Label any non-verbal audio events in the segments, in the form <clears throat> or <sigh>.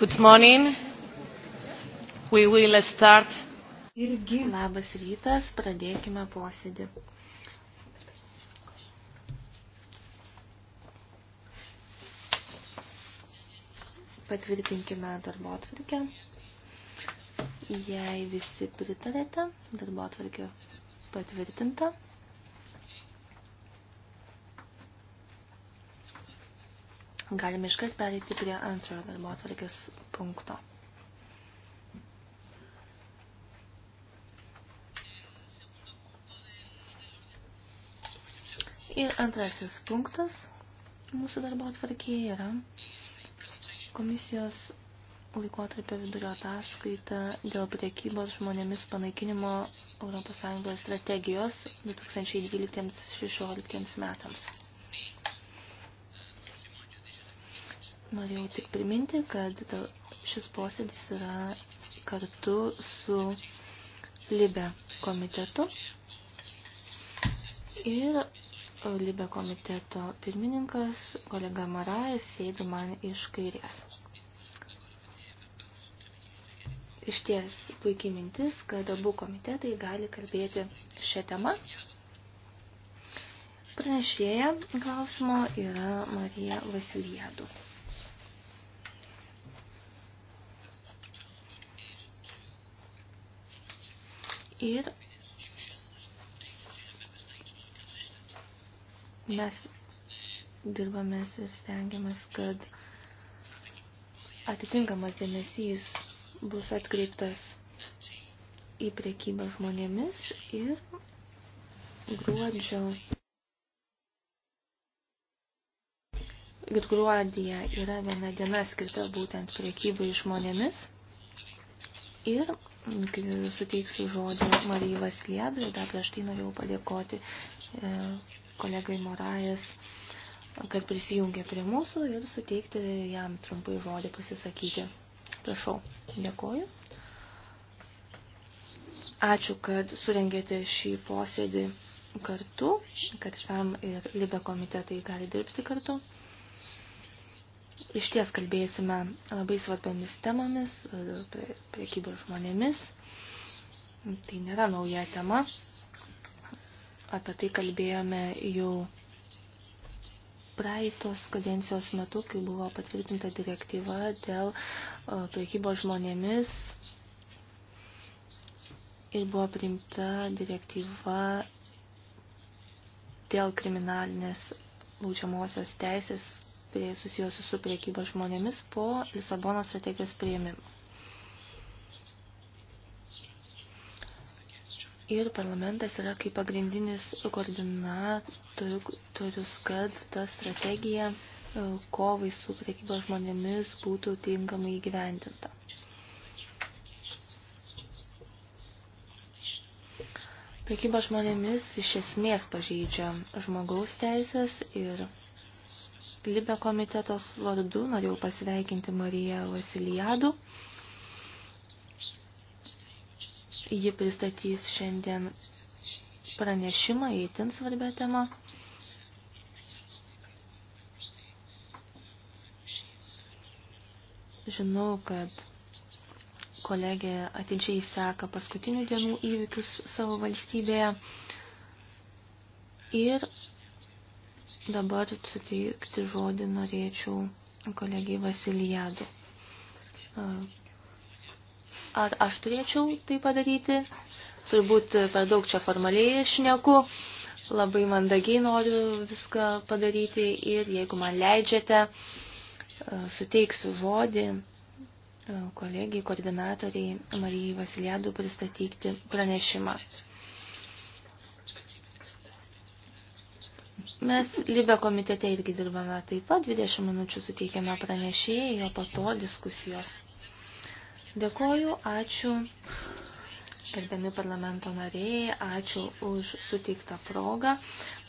Good morning. We will start. Irgi labas rytas, pradėkime posėdį. Patvirtinkime darbo atvarkę. Jei visi pritarėte, darbo atvarkė patvirtinta. Galime iškart pereiti prie antrojo darbo atvarkės punkto. Ir antrasis punktas mūsų darbo atvarkėje yra komisijos laikotarpio vidurio ataskaita dėl priekybos žmonėmis panaikinimo ES strategijos 2012-2016 metams. Norėjau tik priminti, kad šis posėdis yra kartu su Libe komitetu ir e, Libe komiteto pirmininkas kolega Marajas sėdi man iš kairės. Iš ties puikiai mintis, kad abu komitetai gali kalbėti šią temą. Pranešėja klausimo yra Marija Vasiliedų. ir mes dirbamės ir stengiamės, kad atitinkamas dėmesys bus atkreiptas į priekybą žmonėmis ir gruodžio ir gruodėje yra viena diena skirta būtent priekybai žmonėmis ir suteiksiu žodį Marijai Vasliedui, dar prieš tai norėjau padėkoti e, kolegai Morajas, kad prisijungė prie mūsų ir suteikti jam trumpai žodį pasisakyti. Prašau, dėkoju. Ačiū, kad surengėte šį posėdį kartu, kad FEM ir LIBE komitetai gali dirbti kartu. Iš ties kalbėsime labai svarbiamis temomis, e, priekybos žmonėmis. Tai nėra nauja tema. Apie tai kalbėjome jau praeitos kadencijos metu, kai buvo patvirtinta direktyva dėl e, priekybos žmonėmis ir buvo priimta direktyva dėl kriminalinės baudžiamosios teisės prie, tai susijusių su priekyba žmonėmis po Lisabono strategijos prieimimo. Ir parlamentas yra kaip pagrindinis koordinatorius, kad ta strategija e, kovai su priekyba žmonėmis būtų tinkamai įgyvendinta. Prekyba žmonėmis iš esmės pažeidžia žmogaus teisės ir Libe komitetos vardu norėjau pasveikinti Mariją Vasilijadų. Ji pristatys šiandien pranešimą įtin svarbę temą. Žinau, kad kolegė atidžiai seka paskutinių dienų įvykius savo valstybėje ir Dabar suteikti žodį norėčiau kolegijai Vasilijadu. Ar aš turėčiau tai padaryti? Turbūt per daug čia formaliai šneku. Labai mandagiai noriu viską padaryti ir jeigu man leidžiate, suteiksiu žodį kolegijai, koordinatoriai Marijai Vasilijadu pristatyti pranešimą. Mes Libe komitete irgi dirbame taip pat, 20 minučių suteikiame pranešėjai, o po to diskusijos. Dėkoju, ačiū, gerbiami parlamento nariai, ačiū už suteiktą progą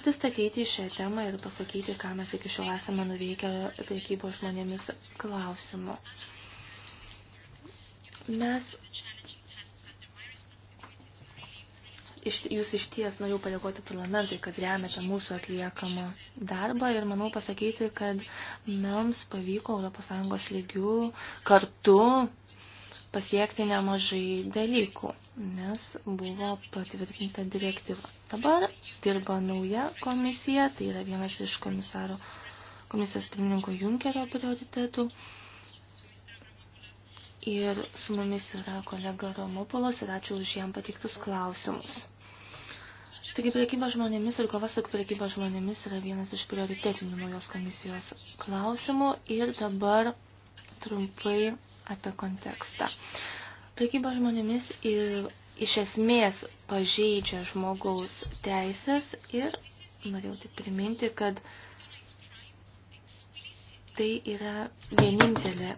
pristatyti šią temą ir pasakyti, ką mes iki šiol esame nuveikę priekybos žmonėmis klausimu. Mes iš, jūs iš ties noriu padėkoti parlamentui, kad remiate mūsų atliekamą darbą ir manau pasakyti, kad mums pavyko ES lygių kartu pasiekti nemažai dalykų, nes buvo patvirtinta direktyva. Dabar dirba nauja komisija, tai yra vienas iš komisaro, komisijos pirmininko Junkerio prioritetų. Ir su mumis yra kolega Romopolos ir ačiū už jam patiktus klausimus. Taigi priekyba žmonėmis ir kova su priekyba žmonėmis yra vienas iš prioritetinių naujos komisijos klausimų ir dabar trumpai apie kontekstą. Priekyba žmonėmis ir iš esmės pažeidžia žmogaus teisės ir norėjau tik priminti, kad tai yra vienintelė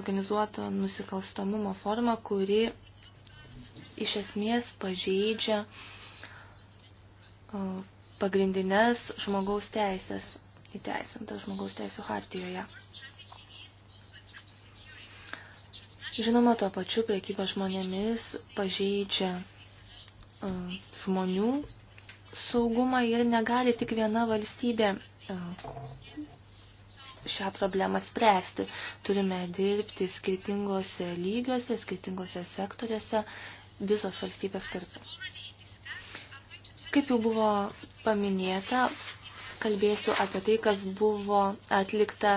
organizuoto nusikalstamumo forma, kuri iš esmės pažeidžia uh, pagrindinės žmogaus teisės įteisintas žmogaus teisų hartijoje. Žinoma, tuo pačiu priekyba žmonėmis pažeidžia uh, žmonių saugumą ir negali tik viena valstybė uh, šią problemą spręsti. Turime dirbti skirtingose lygiuose, skirtingose sektoriuose, visos valstybės kartu. Kaip jau buvo paminėta, kalbėsiu apie tai, kas buvo atlikta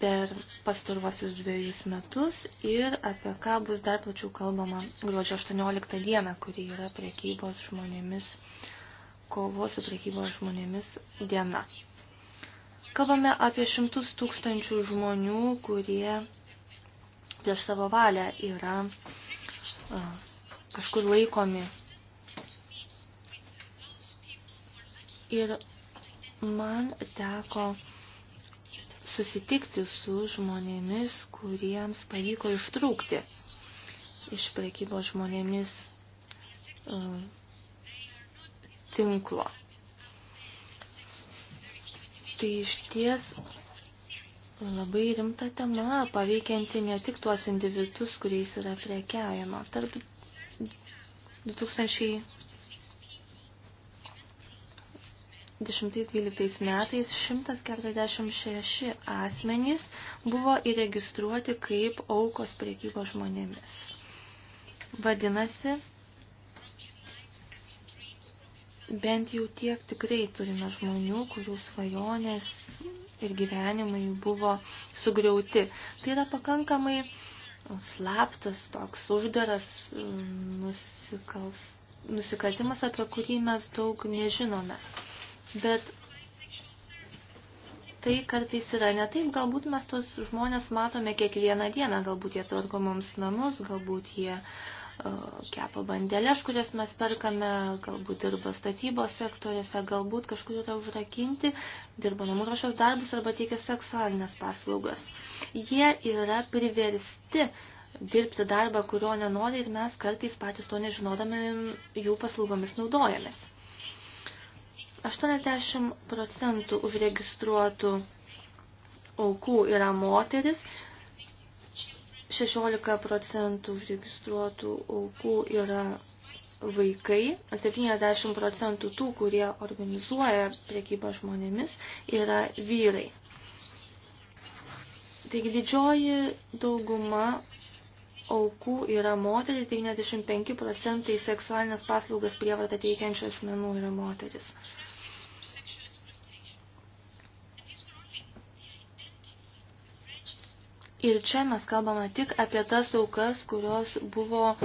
per pastaruosius dviejus metus ir apie ką bus dar plačiau kalbama gruodžio 18 dieną, kuri yra prekybos žmonėmis, kovos su prekybos žmonėmis diena. Kalbame apie šimtus tūkstančių žmonių, kurie prieš savo valią yra a, kažkur laikomi Ir man teko susitikti su žmonėmis, kuriems pavyko ištrūkti iš prekybos žmonėmis uh, tinklo. Tai iš ties labai rimta tema, paveikianti ne tik tuos individus, kuriais yra prekiaujama. Tarp 2000 2010-2012 metais 146 asmenys buvo įregistruoti kaip aukos priekybos žmonėmis. Vadinasi, bent jau tiek tikrai turime žmonių, kurių svajonės ir gyvenimai buvo sugriauti. Tai yra pakankamai slaptas, toks uždaras nusikals, nusikaltimas, apie kurį mes daug nežinome. Bet tai kartais yra ne taip, galbūt mes tos žmonės matome kiekvieną dieną, galbūt jie tvarko mums namus, galbūt jie uh, kepa bandelės, kurias mes perkame, galbūt dirba statybos sektoriuose, galbūt kažkur yra užrakinti, dirba namų ruošos darbus arba teikia seksualinės paslaugas. Jie yra priversti dirbti darbą, kurio nenori ir mes kartais patys to nežinodami jų paslaugomis naudojamės. 80 procentų užregistruotų aukų yra moteris, 16 procentų užregistruotų aukų yra vaikai, 70 procentų tų, kurie organizuoja prekybą žmonėmis, yra vyrai. Taigi didžioji dauguma aukų yra moteris, 95 procentai seksualinės paslaugas prievartą teikiančių asmenų yra moteris. Ir čia mes kalbame tik apie tas aukas, kurios buvo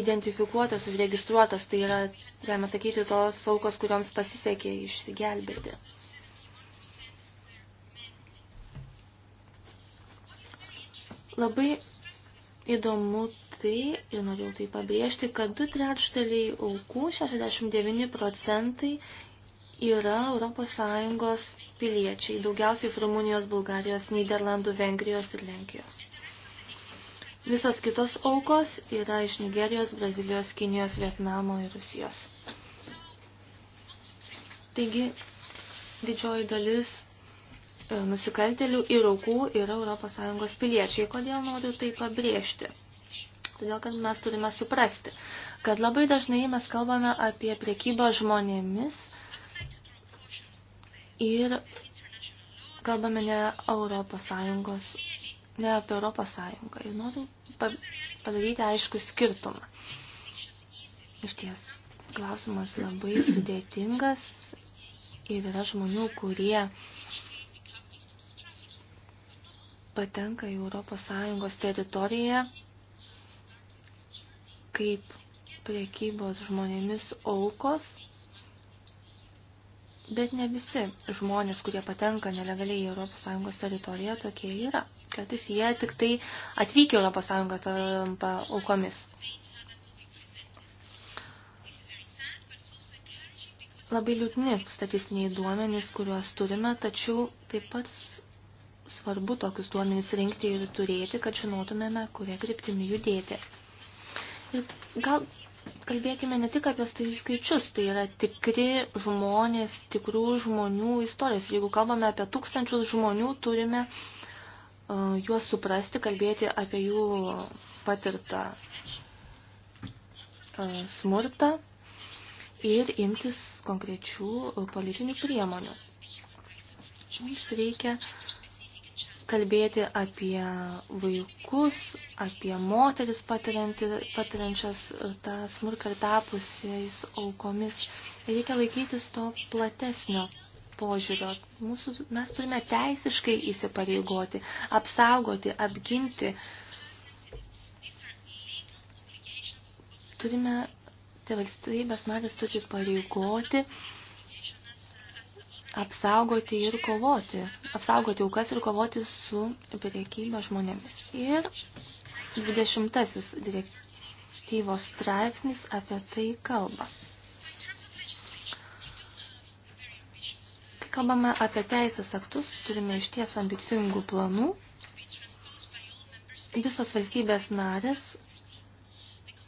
identifikuotos, užregistruotos, tai yra, galima sakyti, tos aukos, kurioms pasisekė išsigelbėti. Labai įdomu tai, ir norėjau tai pabrėžti, kad du trečdaliai aukų, 69 procentai, yra ES piliečiai, daugiausiai iš Rumunijos, Bulgarijos, Niderlandų, Vengrijos ir Lenkijos. Visos kitos aukos yra iš Nigerijos, Brazilijos, Kinijos, Vietnamo ir Rusijos. Taigi, didžioji dalis e, nusikaltelių ir aukų yra ES piliečiai. Kodėl noriu tai pabrėžti? Todėl, kad mes turime suprasti, kad labai dažnai mes kalbame apie priekybą žmonėmis – ir kalbame ne Europos Sąjungos, ne apie Europos Sąjungą. Ir noriu padaryti aišku skirtumą. Iš ties, klausimas labai sudėtingas ir yra žmonių, kurie patenka į Europos Sąjungos teritoriją kaip priekybos žmonėmis aukos Bet ne visi žmonės, kurie patenka nelegaliai į ES teritoriją, tokie yra. Kartais jie tik tai atvykę į ES tampa aukomis. Labai liūdni statistiniai duomenys, kuriuos turime, tačiau taip pat svarbu tokius duomenys rinkti ir turėti, kad žinotumėme, kuria kryptimi judėti. Ir gal kalbėkime ne tik apie skaičius, tai yra tikri žmonės, tikrų žmonių istorijos. Jeigu kalbame apie tūkstančius žmonių, turime uh, juos suprasti, kalbėti apie jų patirtą uh, smurtą ir imtis konkrečių e, politinių priemonių. Mums reikia uh, kalbėti apie vaikus, apie moteris patiriančias e, tą smurką ir tapusiais aukomis. Reikia laikytis to platesnio požiūrio. Mūsų, mes turime teisiškai įsipareigoti, apsaugoti, apginti. Turime, tai valstybės narės turi pareigoti uh, apsaugoti ir kovoti, apsaugoti aukas ir kovoti su priekyba žmonėmis. Ir 20 direktyvos straipsnis apie tai kalba. Kai kalbame apie teisės aktus, turime išties ambicingų planų. Visos valstybės narės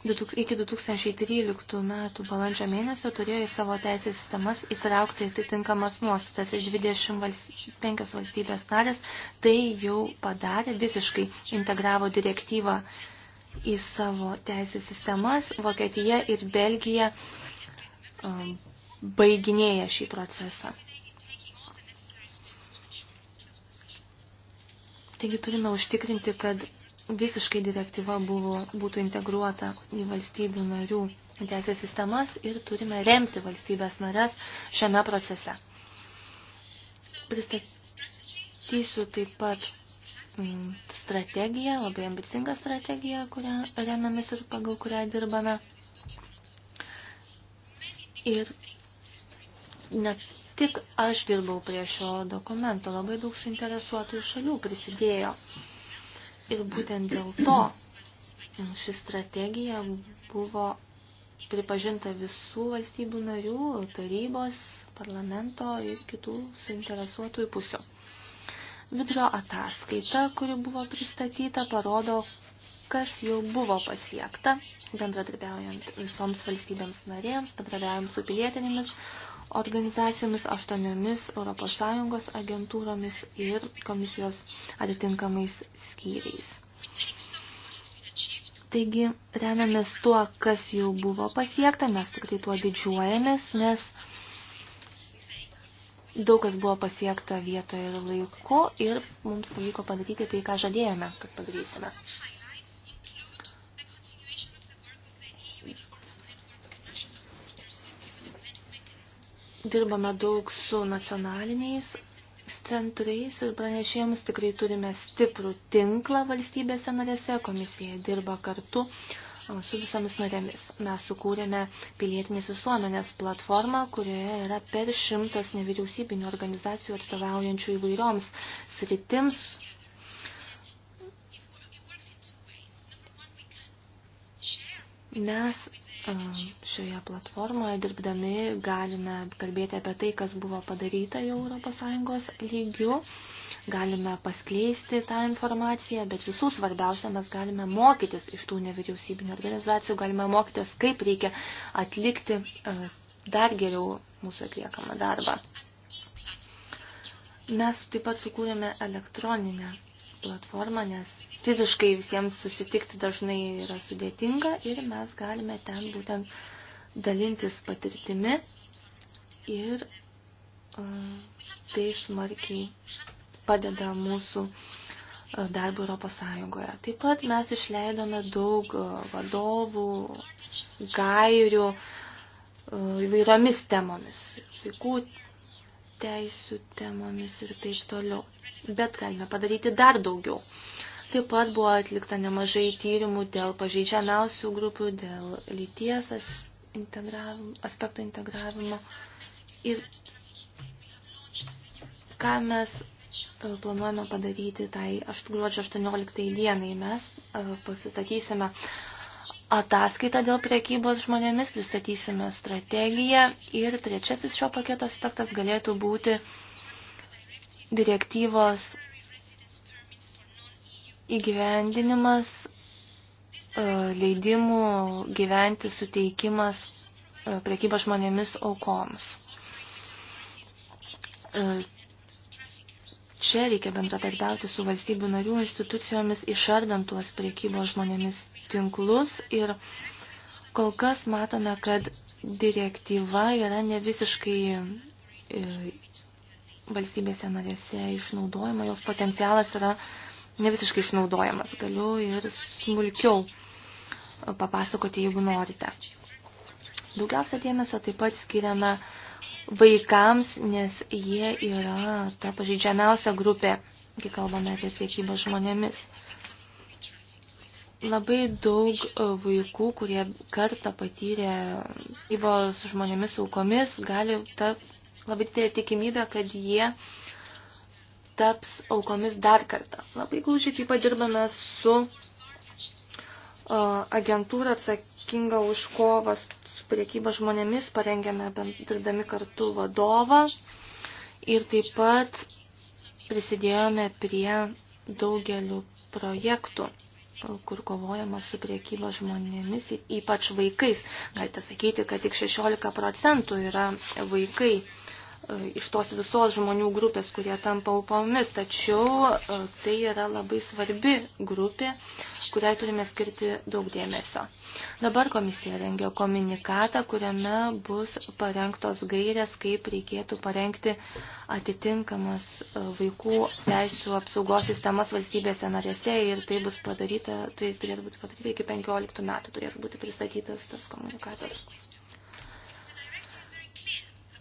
iki 2013 metų balandžio mėnesio turėjo į savo teisės sistemas įtraukti atitinkamas nuostatas iš 25 valstybės narės, tai jau padarė, visiškai integravo direktyvą į savo teisės sistemas, Vokietija ir Belgija um, baiginėja šį procesą. Taigi turime užtikrinti, kad visiškai direktyva buvo, būtų integruota į valstybių narių teisės sistemas ir turime remti valstybės narės šiame procese. Pristatysiu taip pat mm, strategiją, labai ambicingą strategiją, kurią remiamės ir pagal kurią dirbame. Ir ne tik aš dirbau prie šio dokumento, labai daug suinteresuotų šalių prisidėjo. Uh, Ir būtent dėl to mm, ši strategija buvo pripažinta visų valstybių narių, tarybos, parlamento ir kitų suinteresuotųjų pusių. Vidrio ataskaita, kuri buvo pristatyta, parodo, kas jau buvo pasiekta, bendradarbiaujant visoms valstybėms narėms, bendradarbiaujant su pilietinėmis organizacijomis, aštuoniomis ES agentūromis ir komisijos atitinkamais skyriais. Taigi, remiamės tuo, kas jau buvo pasiekta, mes tikrai tuo didžiuojamės, nes daug kas buvo pasiekta vietoje ir laiku ir mums pavyko padaryti tai, ką žadėjome, kad padarysime. dirbame daug su nacionaliniais centrais ir pranešėjams tikrai turime stiprų tinklą valstybėse narėse, komisija dirba kartu su visomis narėmis. Mes sukūrėme pilietinės visuomenės platformą, kurioje yra per šimtas nevyriausybinių organizacijų atstovaujančių įvairioms sritims. Mes šioje platformoje dirbdami galime kalbėti apie tai, kas buvo padaryta jau ES lygiu, galime paskleisti tą informaciją, bet visų svarbiausia, mes galime mokytis iš tų nevyriausybinių organizacijų, galime mokytis, kaip reikia atlikti dar geriau mūsų atliekamą darbą. Mes taip pat sukūrėme elektroninę platformą, nes fiziškai visiems susitikti dažnai yra sudėtinga ir mes galime ten būtent dalintis patirtimi ir uh, tai smarkiai padeda mūsų darbų Europos Sąjungoje. Taip pat mes išleidome daug vadovų, gairių įvairiomis temomis, vaikų teisų temomis ir taip toliau. Bet galime padaryti dar daugiau. Taip pat buvo atlikta nemažai tyrimų dėl pažeidžiamiausių grupių, dėl lyties integravimo, aspektų integravimo. Ir ką mes e, planuojame padaryti tai gruodžio 18 dienai, mes e, pasistatysime ataskaitą dėl priekybos žmonėmis, pristatysime strategiją ir trečiasis šio paketo aspektas galėtų būti direktyvos Įgyvendinimas, e, leidimų gyventi suteikimas e, prekyba žmonėmis aukoms. E, čia reikia bendradarbiauti su valstybių narių institucijomis, išardant tuos priekybos žmonėmis tinklus ir kol kas matome, kad direktyva yra ne visiškai valstybėse narėse išnaudojama, jos potencialas yra nevisiškai išnaudojamas. Galiu ir smulkiau papasakoti, jeigu norite. Daugiausia dėmesio taip pat skiriame vaikams, nes jie yra ta pažeidžiamiausia grupė, kai kalbame apie priekybą žmonėmis. Labai daug vaikų, kurie kartą patyrė įvos žmonėmis aukomis, gali ta labai didelė tikimybė, kad jie uh, taps aukomis dar kartą. Labai glaužiai taip pat dirbame su agentūra atsakinga už kovas su priekyba žmonėmis, parengėme dirbdami kartu vadovą ir taip pat prisidėjome prie daugelių projektų kur kovojama su priekyba žmonėmis, ypač vaikais. Galite sakyti, kad tik 16 procentų yra vaikai E, iš tos visos žmonių grupės, kurie tampa aukomis, tačiau e, tai yra labai svarbi grupė, kuriai turime skirti daug dėmesio. Dabar komisija rengia komunikatą, kuriame bus parengtos gairės, kaip reikėtų parengti atitinkamas e, vaikų teisų apsaugos sistemas valstybėse narėse ir tai bus padaryta, tai turėtų būti padaryta iki 15 metų, turėtų būti pristatytas tas komunikatas.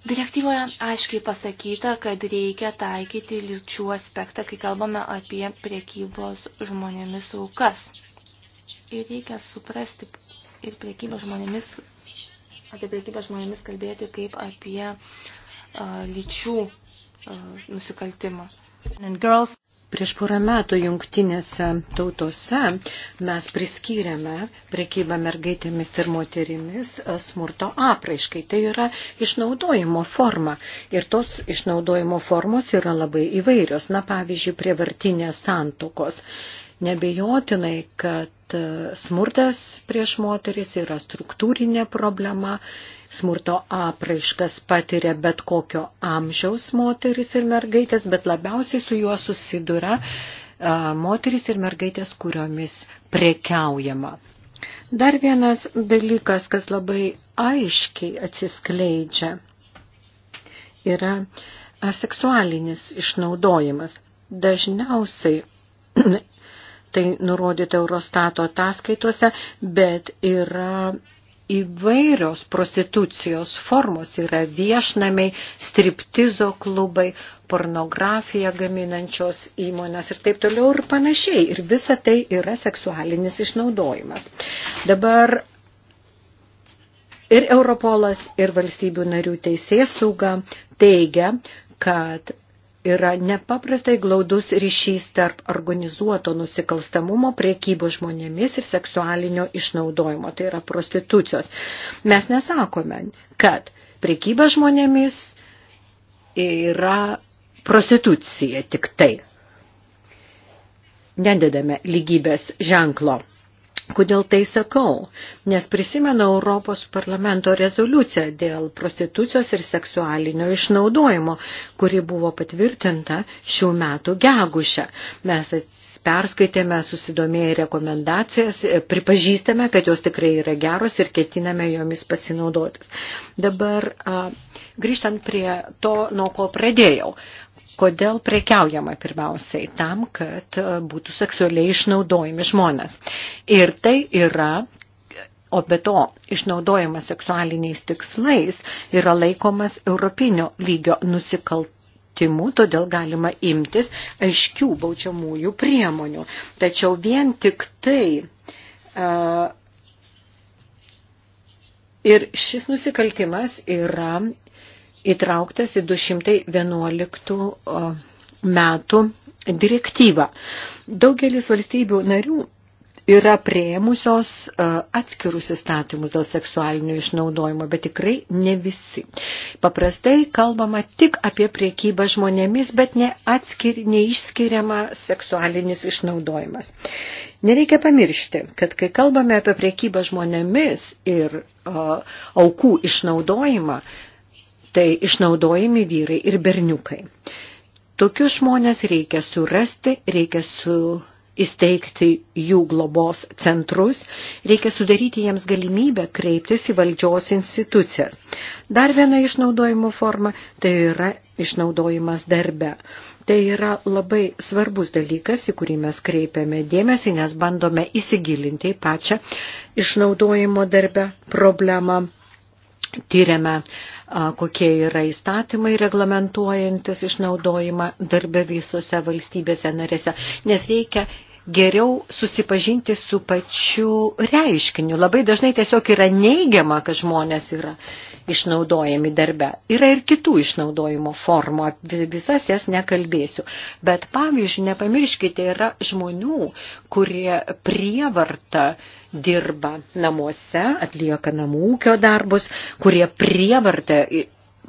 Direktyvoje aiškiai pasakyta, kad reikia taikyti lyčių aspektą, kai kalbame apie priekybos žmonėmis aukas. Ir reikia suprasti ir priekybos žmonėmis, apie priekybą žmonėmis kalbėti kaip apie uh, lyčių uh, nusikaltimą. And girls. Prieš porą metų jungtinėse tautose mes priskyrėme prekybą mergaitėmis ir moterimis e, smurto apraiškai. Tai yra išnaudojimo forma. Ir tos išnaudojimo formos yra labai įvairios. Na, pavyzdžiui, prievartinės santokos. Nebejotinai, kad kad e, smurtas prieš moteris yra struktūrinė problema, smurto apraiškas patiria bet kokio amžiaus moteris ir mergaitės, bet labiausiai su juo susiduria e, moteris ir mergaitės, kuriomis prekiaujama. Dar vienas dalykas, kas labai aiškiai atsiskleidžia, yra seksualinis išnaudojimas. Dažniausiai <clears throat> tai nurodyta Eurostato ataskaitose, bet yra įvairios prostitucijos formos, yra viešnamiai, striptizo klubai, pornografiją gaminančios įmonės ir taip toliau ir panašiai. Ir visa tai yra seksualinis išnaudojimas. Dabar ir Europolas, ir valstybių narių teisės sauga teigia, kad yra nepaprastai glaudus ryšys tarp organizuoto nusikalstamumo, priekybos žmonėmis ir seksualinio išnaudojimo, tai yra prostitucijos. Mes nesakome, kad priekyba žmonėmis yra prostitucija tik tai. Nededame lygybės ženklo. Kodėl tai sakau? Nes prisimenu Europos parlamento rezoliuciją dėl prostitucijos ir seksualinio išnaudojimo, kuri buvo patvirtinta šių metų gegušę. Mes perskaitėme susidomėję rekomendacijas, e, pripažįstame, kad jos tikrai yra geros ir ketiname jomis pasinaudotis. Dabar grįžtant prie to, nuo ko pradėjau. Kodėl prekiaujama pirmiausiai? Tam, kad e, būtų seksualiai išnaudojami žmonės. Ir tai yra, o be to, išnaudojimas seksualiniais tikslais yra laikomas europinio lygio nusikaltimu nusikaltimų, todėl galima imtis aiškių baudžiamųjų priemonių. Tačiau vien tik tai uh, ir šis nusikaltimas yra įtrauktas į 211 metų direktyvą. Daugelis valstybių narių yra prieimusios atskirus įstatymus dėl seksualinio išnaudojimo, bet tikrai ne visi. Paprastai kalbama tik apie priekybą žmonėmis, bet ne atskir, neišskiriama seksualinis išnaudojimas. Nereikia pamiršti, kad kai kalbame apie priekybą žmonėmis ir uh, aukų išnaudojimą, uh, tai išnaudojami vyrai ir berniukai. Tokius žmonės reikia surasti, reikia su įsteigti jų globos centrus, reikia sudaryti jiems galimybę kreiptis į valdžios institucijas. Dar viena išnaudojimo forma tai yra išnaudojimas darbe. Tai yra labai svarbus dalykas, į kurį mes kreipiame dėmesį, nes bandome įsigilinti į pačią išnaudojimo darbe problemą, tyriame kokie yra įstatymai reglamentuojantis išnaudojimą darbę visose valstybėse narėse, nes reikia geriau susipažinti su pačiu reiškiniu. Labai dažnai tiesiog yra neigiama, kad žmonės yra išnaudojami darbe. Yra ir kitų išnaudojimo formų, visas jas nekalbėsiu. Bet pavyzdžiui, nepamirškite, yra žmonių, kurie prievarta dirba namuose, atlieka namų ūkio darbus, kurie prievarta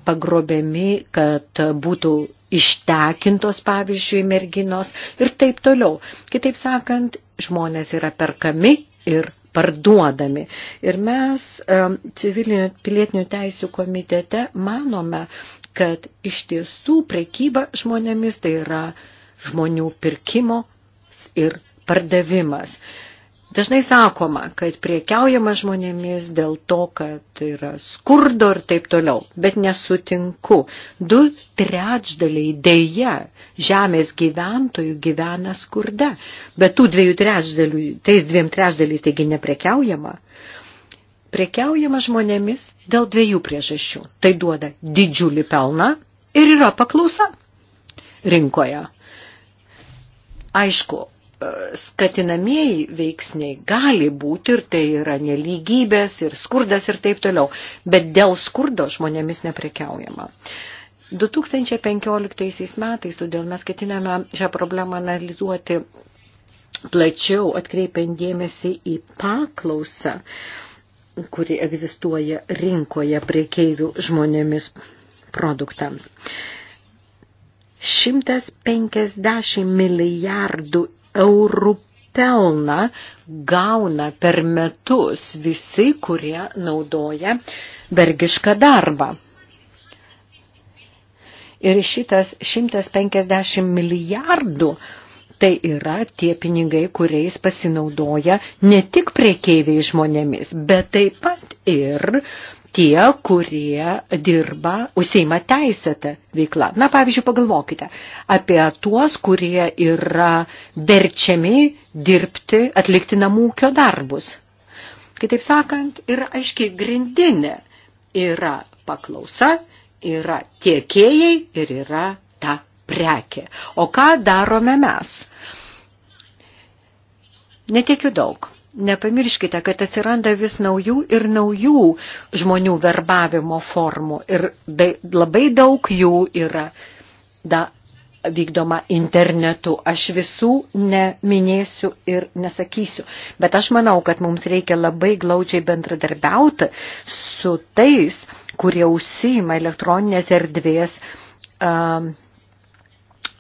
pagrobiami, kad būtų ištekintos, pavyzdžiui, merginos ir taip toliau. Kitaip sakant, žmonės yra perkami ir parduodami. Ir mes civilinių pilietinių teisių komitete manome, kad iš tiesų prekyba žmonėmis tai yra žmonių pirkimo ir pardavimas. Dažnai sakoma, kad priekiaujama žmonėmis dėl to, kad yra skurdo ir taip toliau, bet nesutinku. Du trečdaliai dėja žemės gyventojų gyvena skurde, bet tų dviejų trečdalių, tais dviem trečdaliais taigi neprekiaujama. Prekiaujama žmonėmis dėl dviejų priežasčių. Tai duoda didžiulį pelną ir yra paklausa rinkoje. Aišku, skatinamieji veiksniai gali būti ir tai yra nelygybės ir skurdas ir taip toliau, bet dėl skurdo žmonėmis neprekiaujama. 2015 metais, todėl mes ketiname šią problemą analizuoti plačiau, atkreipiant dėmesį į paklausą, kuri egzistuoja rinkoje priekeivių žmonėmis produktams. 150 milijardų eurų pelną gauna per metus visi, kurie naudoja bergišką darbą. Ir šitas 150 milijardų tai yra tie pinigai, kuriais pasinaudoja ne tik priekeiviai žmonėmis, bet taip pat ir uh, tie, kurie dirba, užseima teisėtą veiklą. Na, pavyzdžiui, pagalvokite apie tuos, kurie yra verčiami dirbti, atlikti namų ūkio darbus. Kitaip sakant, yra aiškiai grindinė. Yra paklausa, yra tiekėjai ir yra ta prekė. O ką darome mes? Netiekiu daug. Nepamirškite, kad atsiranda vis naujų ir naujų žmonių verbavimo formų ir dai, labai daug jų yra da, vykdoma internetu. Aš visų neminėsiu ir nesakysiu, bet aš manau, kad mums reikia labai glaučiai bendradarbiauti su tais, kurie užsiima elektroninės erdvės um,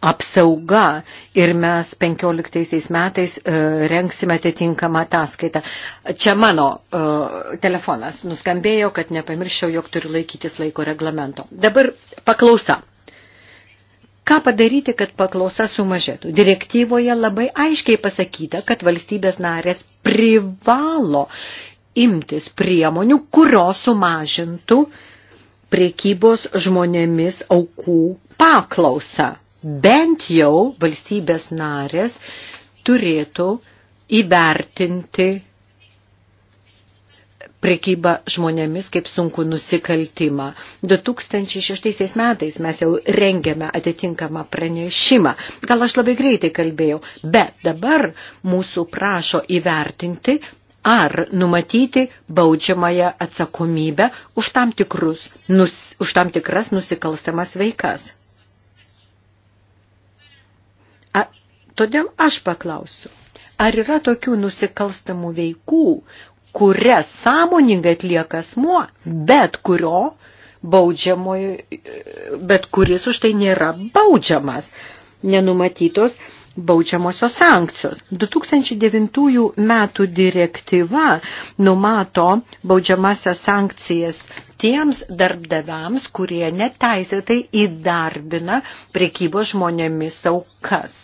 apsauga ir mes 15 metais e, renksime atitinkamą ataskaitą. Čia mano e, telefonas nuskambėjo, kad nepamirščiau, jog turiu laikytis laiko reglamento. Dabar paklausa. Ką padaryti, kad paklausa sumažėtų? Direktyvoje labai aiškiai pasakyta, kad valstybės narės privalo imtis priemonių, kurios sumažintų priekybos žmonėmis aukų paklausą bent jau valstybės narės turėtų įvertinti prekybą žmonėmis kaip sunku nusikaltimą. 2006 metais mes jau rengėme atitinkamą pranešimą. Gal aš labai greitai kalbėjau, bet dabar mūsų prašo įvertinti ar numatyti baudžiamąją atsakomybę už tam, tikrus, nus, už tam tikras nusikalstamas veikas. A, todėl aš paklausiu, ar yra tokių nusikalstamų veikų, kurias sąmoningai atlieka asmuo, bet kurio baudžiamojo, bet kuris už tai nėra baudžiamas, nenumatytos baudžiamosios sankcijos. 2009 metų direktyva numato baudžiamasias sankcijas tiems darbdaviams, kurie neteisėtai įdarbina prekybos žmonėmis aukas.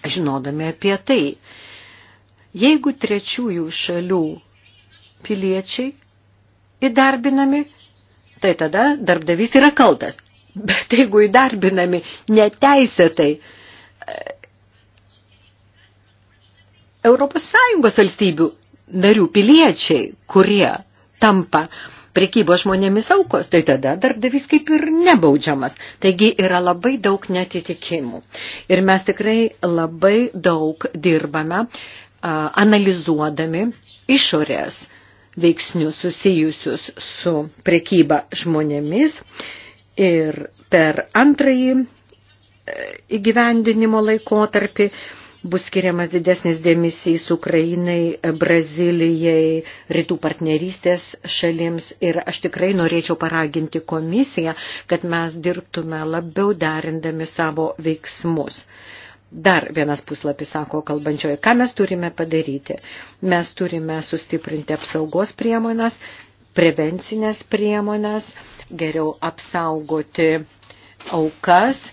Žinodami apie tai, jeigu trečiųjų šalių piliečiai įdarbinami, tai tada darbdavys yra kaltas. Bet jeigu įdarbinami neteisėtai, Europos Sąjungos valstybių narių piliečiai, kurie tampa prekybos žmonėmis aukos, tai tada darbdavys kaip ir nebaudžiamas. Taigi yra labai daug netitikimų. Ir mes tikrai labai daug dirbame, analizuodami išorės veiksnius susijusius su prekyba žmonėmis. Ir per antrąjį įgyvendinimo laikotarpį bus skiriamas didesnis dėmesys Ukrainai, Brazilijai, rytų partnerystės šalims ir aš tikrai norėčiau paraginti komisiją, kad mes dirbtume labiau derindami savo veiksmus. Dar vienas puslapis sako kalbančioje, ką mes turime padaryti. Mes turime sustiprinti apsaugos priemonas, prevencinės priemonas, geriau apsaugoti aukas,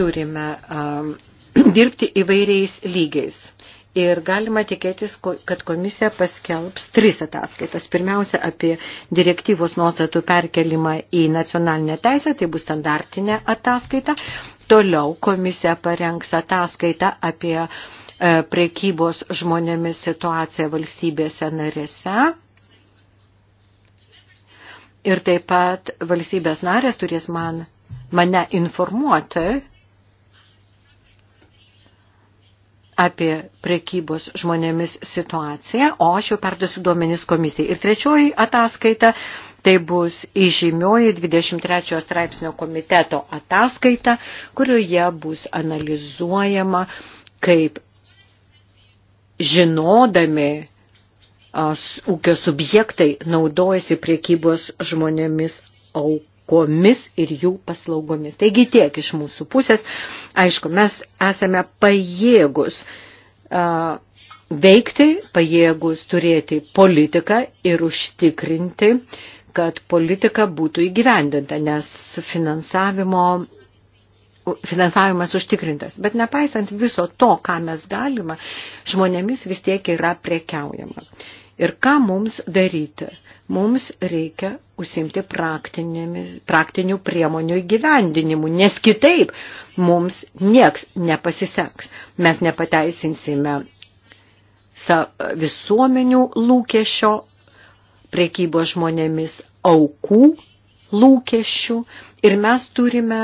turime um, <clears throat> dirbti įvairiais lygiais. Ir galima tikėtis, kad komisija paskelbs tris ataskaitas. Pirmiausia, apie direktyvos nuostatų perkelimą į nacionalinę teisę, tai bus standartinė ataskaita. Toliau komisija parengs ataskaitą apie e, prekybos žmonėmis situaciją valstybėse narėse. Ir taip pat valstybės narės turės man, mane informuoti apie prekybos žmonėmis situaciją, o aš jau perduosiu duomenis komisijai. Ir trečioji ataskaita, tai bus įžymioji 23 straipsnio komiteto ataskaita, kurioje bus analizuojama, kaip žinodami ūkio subjektai naudojasi priekybos žmonėmis auk paslaugomis ir jų paslaugomis. Taigi tiek iš mūsų pusės. Aišku, mes esame pajėgus a, veikti, pajėgus turėti politiką ir užtikrinti, kad politika būtų įgyvendinta, nes finansavimo finansavimas užtikrintas. Bet nepaisant viso to, ką mes galima, žmonėmis vis tiek yra prekiaujama. Ir ką mums daryti? Mums reikia užsimti praktinių priemonių įgyvendinimu, nes kitaip mums nieks nepasiseks. Mes nepateisinsime visuomenių lūkesčio, priekybos žmonėmis aukų lūkesčių ir mes turime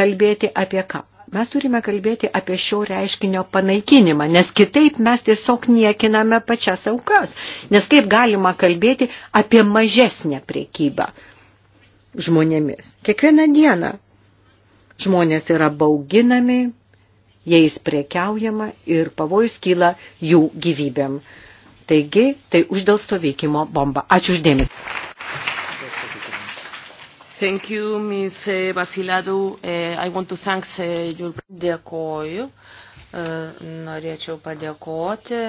kalbėti apie ką? Mes turime kalbėti apie šio reiškinio panaikinimą, nes kitaip mes tiesiog niekiname pačias aukas. Nes kaip galima kalbėti apie mažesnę priekybą žmonėmis. Kiekvieną dieną žmonės yra bauginami, jais priekiaujama ir pavojus kyla jų gyvybėm. Taigi, tai uždėlsto veikimo bomba. Ačiū uždėmesi. Thank you, Ms. Vasiladu. Eh, eh, I want to thank eh, your... Dėkoju. Norėčiau padėkoti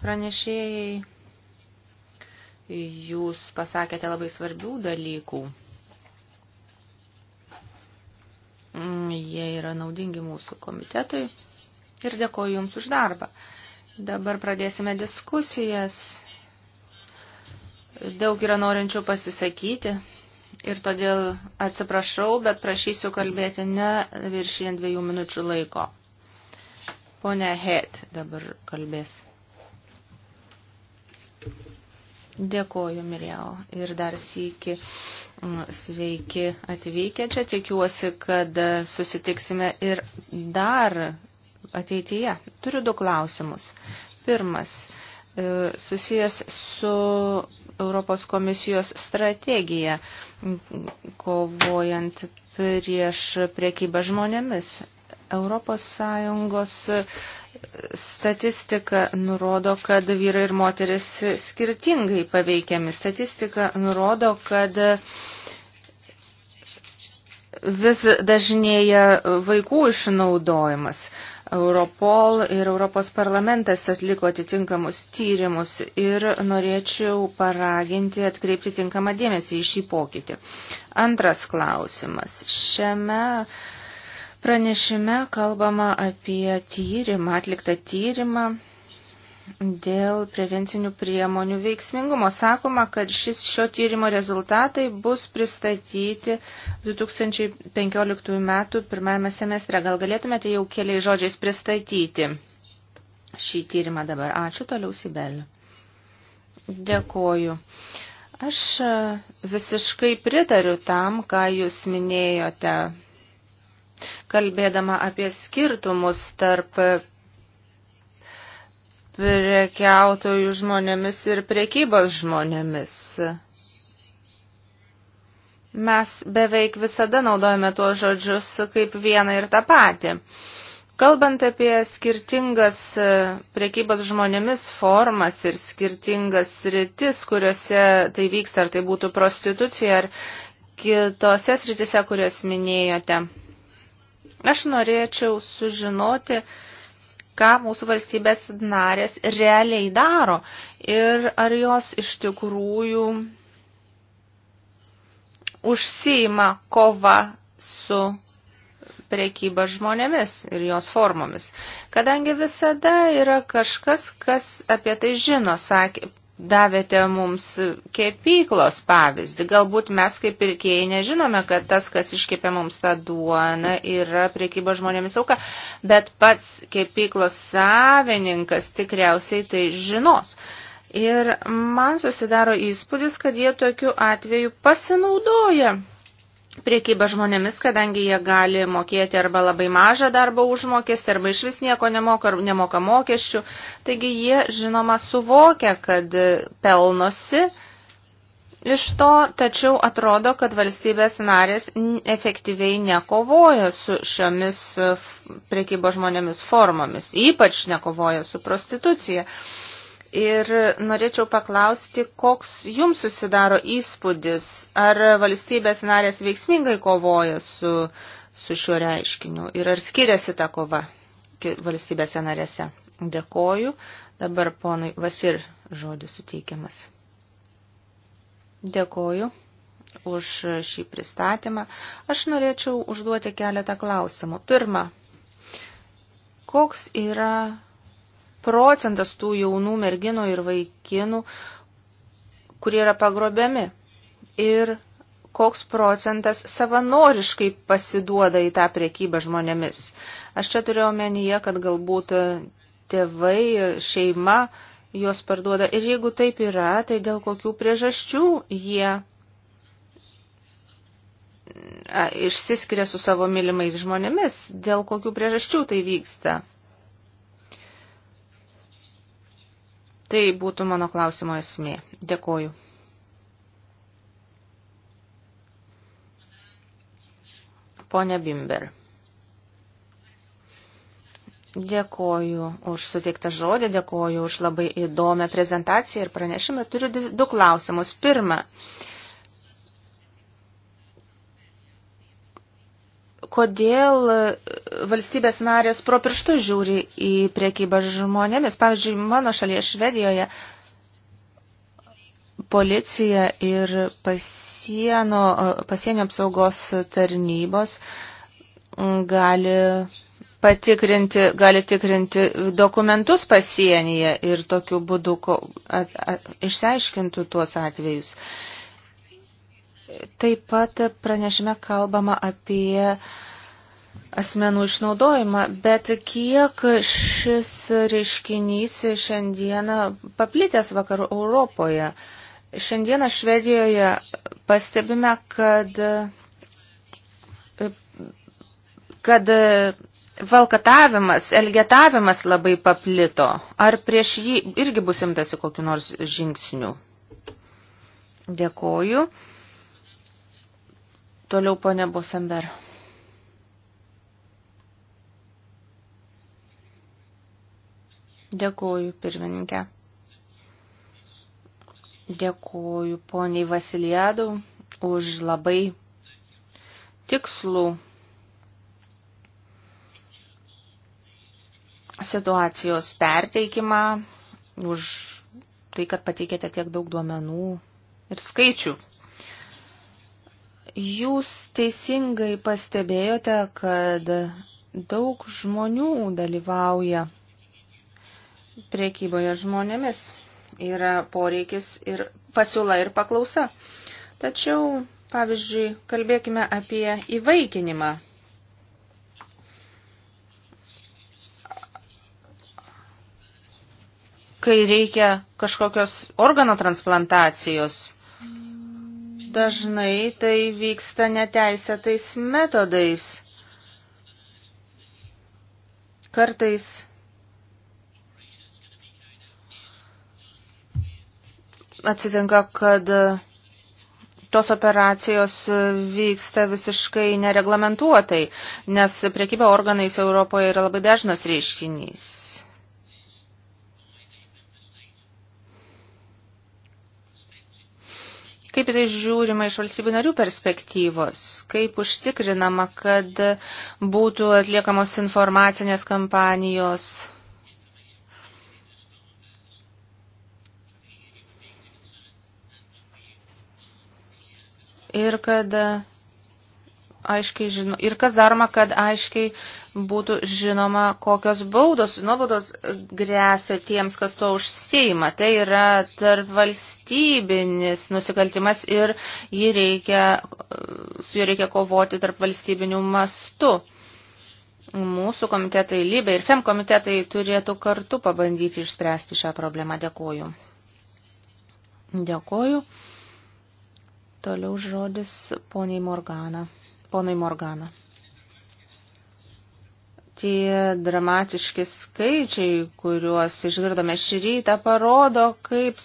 pranešėjai. Jūs pasakėte labai svarbių dalykų. Mm, jie yra naudingi mūsų komitetui. Ir dėkoju Jums už darbą. Dabar pradėsime diskusijas. Daug yra norinčių pasisakyti ir todėl atsiprašau, bet prašysiu kalbėti ne viršinant dviejų minučių laiko. Pone Het dabar kalbės. Dėkoju, Mirjau. Ir dar sėki mm, sveiki atvykę čia. Tikiuosi, kad susitiksime ir dar ateityje. Turiu du klausimus. Pirmas. E, susijęs su Europos komisijos strategija kovojant prieš priekybą žmonėmis. Europos Sąjungos statistika nurodo, kad vyrai ir moteris skirtingai paveikiami. Statistika nurodo, kad uh, vis dažnėja vaikų išnaudojimas. Europol ir Europos parlamentas atliko atitinkamus tyrimus ir norėčiau paraginti atkreipti tinkamą dėmesį į šį pokytį. Antras klausimas. Šiame pranešime kalbama apie tyrimą, atliktą tyrimą Dėl prevencinių priemonių veiksmingumo sakoma, kad šis šio tyrimo rezultatai bus pristatyti 2015 metų pirmajame semestre. Gal galėtumėte jau keliais žodžiais pristatyti šį tyrimą dabar. Ačiū toliau, Sibelė. Dėkoju. Aš e, visiškai pritariu tam, ką jūs minėjote, kalbėdama apie skirtumus tarp prekiautojų žmonėmis ir prekybos žmonėmis. Mes beveik visada naudojame tuos žodžius kaip vieną ir tą patį. Kalbant apie skirtingas e, prekybos žmonėmis formas ir skirtingas rytis, kuriuose tai vyksta, ar tai būtų prostitucija, ar kitose sritise, kurias minėjote, aš norėčiau sužinoti, ką mūsų valstybės narės realiai daro ir ar jos iš tikrųjų užsiima kova su prekyba žmonėmis ir jos formomis. Kadangi visada yra kažkas, kas apie tai žino, sakė, davėte mums kepyklos pavyzdį. Galbūt mes kaip pirkėjai nežinome, kad tas, kas iškepė mums tą duoną, yra priekybo žmonėmis auka, bet pats kepyklos savininkas tikriausiai tai žinos. Ir man susidaro įspūdis, kad jie tokiu atveju pasinaudoja priekybą žmonėmis, kadangi jie gali mokėti arba labai mažą darbo užmokestį, arba iš vis nieko nemoka, nemoka mokesčių. Taigi jie, žinoma, suvokia, kad pelnosi iš to, tačiau atrodo, kad valstybės narės efektyviai nekovoja su šiomis priekybo žmonėmis formomis, ypač nekovoja su prostitucija. Uh, Ir norėčiau paklausti, koks jums susidaro įspūdis, ar valstybės narės veiksmingai kovoja su, su šiuo reiškiniu ir ar skiriasi ta kova valstybėse narėse. Dėkoju. Dabar ponui Vasir žodis suteikiamas. Dėkoju už šį pristatymą. Aš norėčiau užduoti keletą klausimų. Pirma, koks yra procentas tų jaunų merginų ir vaikinų, kurie yra pagrobiami. Ir koks procentas savanoriškai pasiduoda į tą priekybę žmonėmis. Aš čia turėjau menyje, kad galbūt tėvai, šeima juos parduoda. Ir jeigu taip yra, tai dėl kokių priežasčių jie a, išsiskiria su savo mylimais žmonėmis, dėl kokių priežasčių tai vyksta. Tai būtų mano klausimo esmė. Dėkoju. Pone Bimber. Dėkoju už suteiktą žodį, dėkoju už labai įdomią prezentaciją ir pranešimą. Turiu du klausimus. Pirma, kodėl valstybės narės pro pirštų žiūri į priekybą žmonėmis. Pavyzdžiui, mano šalyje Švedijoje policija ir pasieno, pasienio apsaugos tarnybos gali patikrinti, gali tikrinti dokumentus pasienyje ir tokiu būdu at, at, išsiaiškintų tuos atvejus. Taip pat pranešime kalbama apie asmenų išnaudojimą, bet kiek šis reiškinys šiandieną paplitęs vakarų Europoje. Šiandieną Švedijoje pastebime, kad, kad valkatavimas, elgetavimas labai paplito. Ar prieš jį irgi bus imtasi kokiu nors žingsniu? Dėkoju. Toliau ponė Bosember. Dėkuoju, pirmininkė. Dėkuoju poniai Vasilijadau už labai tikslų situacijos perteikimą, už tai, kad pateikėte tiek daug duomenų ir skaičių. Jūs teisingai pastebėjote, kad daug žmonių dalyvauja priekyboje žmonėmis. Yra poreikis ir pasiūla ir paklausa. Tačiau, pavyzdžiui, kalbėkime apie įvaikinimą. Kai reikia kažkokios organo transplantacijos, dažnai tai vyksta neteisėtais metodais. Kartais atsitinka, kad tos operacijos vyksta visiškai nereglamentuotai, nes priekyba organais Europoje yra labai dažnas reiškinys. kaip į tai žiūrima iš valstybių narių perspektyvos, kaip užtikrinama, kad būtų atliekamos informacinės kampanijos. Ir kad aiškiai žino, ir kas daroma, kad aiškiai būtų žinoma, kokios baudos, nuobaudos grėsia tiems, kas to užsieima. Tai yra tarp valstybinis nusikaltimas ir jį reikia, su juo reikia kovoti tarp valstybinių mastų. Mūsų komitetai Lybė ir FEM komitetai turėtų kartu pabandyti išspręsti šią problemą. Dėkuoju. Dėkuoju. Toliau žodis poniai Morgana ponai Morgana. Tie dramatiški skaičiai, kuriuos išgirdome šį rytą, parodo, kaip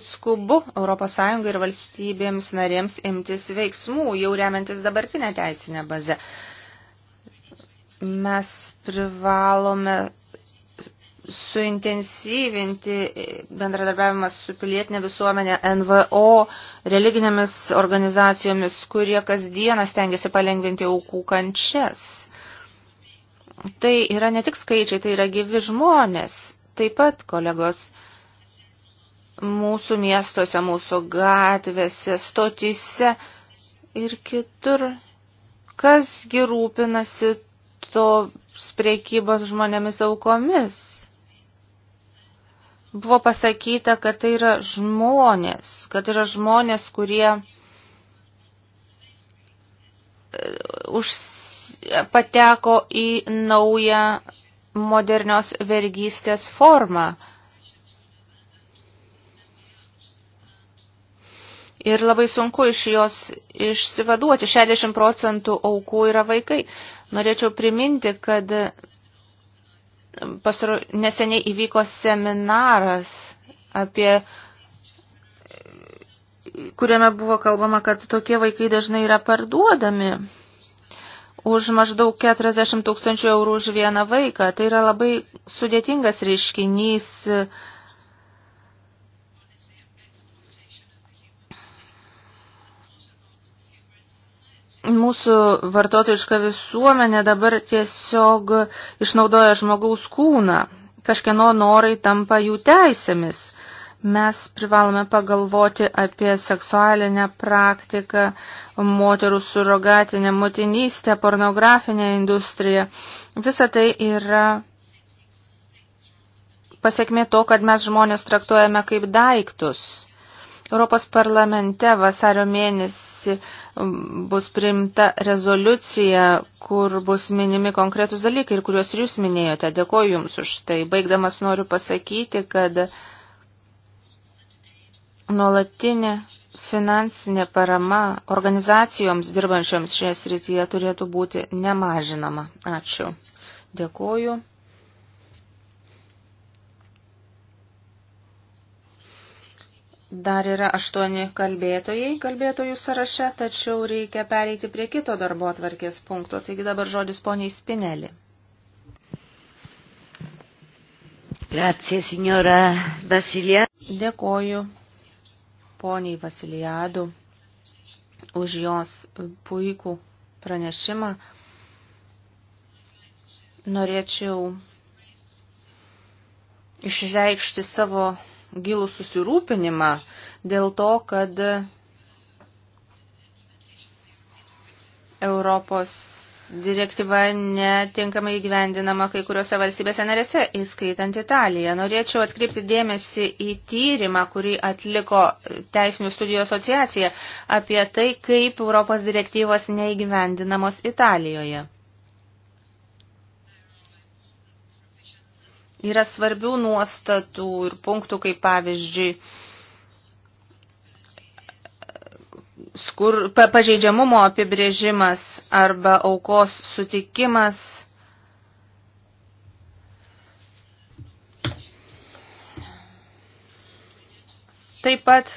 skubu ES ir valstybėms narėms imtis veiksmų, jau remiantis dabartinę teisinę bazę. Mes privalome suintensyvinti bendradarbiavimas su pilietinė visuomenė NVO religinėmis organizacijomis, kurie kasdieną stengiasi palengvinti aukų kančias. Tai yra ne tik skaičiai, tai yra gyvi žmonės. Taip pat, kolegos, mūsų miestuose, mūsų gatvėse, stotyse ir kitur, kasgi rūpinasi to prekybos žmonėmis aukomis buvo pasakyta, kad tai yra žmonės, kad yra žmonės, kurie e, už, e, pateko į naują modernios vergystės formą. Ir labai sunku iš jos išsivaduoti. 60 procentų aukų yra vaikai. Norėčiau priminti, kad pasaro, neseniai įvyko seminaras apie kuriame buvo kalbama, kad tokie vaikai dažnai yra parduodami už maždaug 40 tūkstančių eurų už vieną vaiką. Tai yra labai sudėtingas reiškinys mūsų vartotojiška visuomenė dabar tiesiog išnaudoja žmogaus kūną. Kažkieno norai tampa jų teisėmis. Mes privalome pagalvoti apie seksualinę praktiką, moterų surogatinę motinystę, pornografinę industriją. Visa tai yra pasiekmė to, kad mes žmonės traktuojame kaip daiktus. Europos parlamente vasario mėnesį bus priimta rezoliucija, kur bus minimi konkretus dalykai ir kuriuos ir jūs minėjote. Dėkoju Jums už tai. Baigdamas noriu pasakyti, kad nuolatinė finansinė parama organizacijoms dirbančioms šioje srityje turėtų būti nemažinama. Ačiū. Dėkoju. Dar yra aštuoni kalbėtojai kalbėtojų sąraše, tačiau reikia pereiti prie kito darbo atvarkės punkto. Taigi dabar žodis poniai Spinelį. Grazie, signora Vasilija. Dėkoju poniai Vasilijadu už jos puikų pranešimą. Norėčiau išreikšti savo gilų susirūpinimą dėl to, kad Europos direktyva netinkamai įgyvendinama kai kuriuose valstybėse narėse, įskaitant Italiją. Norėčiau atkreipti dėmesį į tyrimą, kurį atliko Teisinių studijų asociacija apie tai, kaip Europos direktyvos neįgyvendinamos Italijoje. Yra svarbių nuostatų ir punktų, kaip pavyzdžiui, skur, pa, pažeidžiamumo apibrėžimas arba aukos sutikimas. Taip pat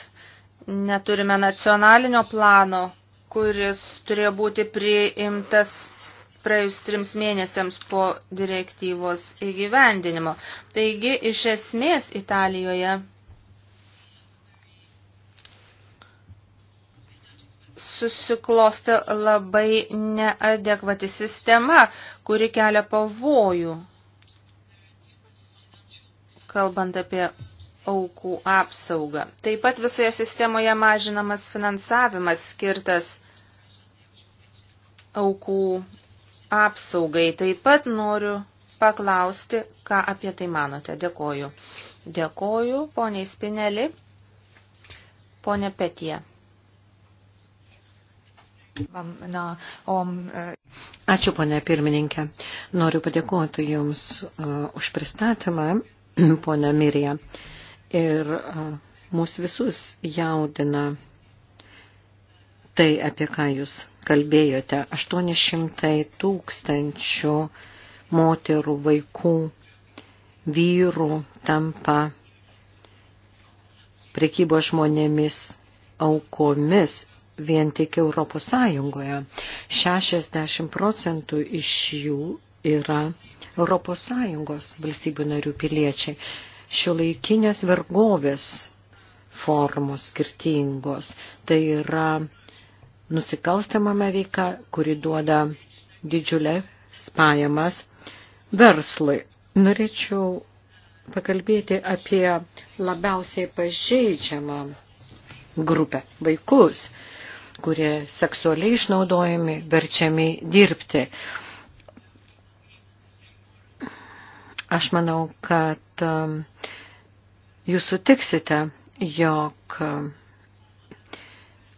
neturime nacionalinio plano, kuris turėjo būti priimtas praėjus trims mėnesiams po direktyvos įgyvendinimo. Taigi, iš esmės Italijoje susiklosti labai neadekvati sistema, kuri kelia pavojų, kalbant apie aukų apsaugą. Taip pat visoje sistemoje mažinamas finansavimas skirtas aukų apsaugai. Taip pat noriu paklausti, ką apie tai manote. Dėkoju. Dėkoju, poniai Spinelį, ponė Petie. E, Ačiū, ponė pirmininkė. Noriu padėkoti Jums uh, už pristatymą, <clears throat> ponė Mirija. Ir uh, e, mūsų visus jaudina uh, tai, apie ką jūs kalbėjote, 800 tūkstančių moterų, vaikų, vyrų tampa prekybo žmonėmis aukomis vien tik Europos Sąjungoje. 60 procentų iš jų yra Europos Sąjungos valstybių narių piliečiai. Šiuolaikinės vergovės formos skirtingos. Tai yra nusikalstamame veika, kuri duoda didžiulę pajamas verslui. Norėčiau pakalbėti apie labiausiai pažeidžiamą grupę – vaikus, kurie seksualiai išnaudojami, verčiami dirbti. Aš manau, kad um, jūs sutiksite, jog um,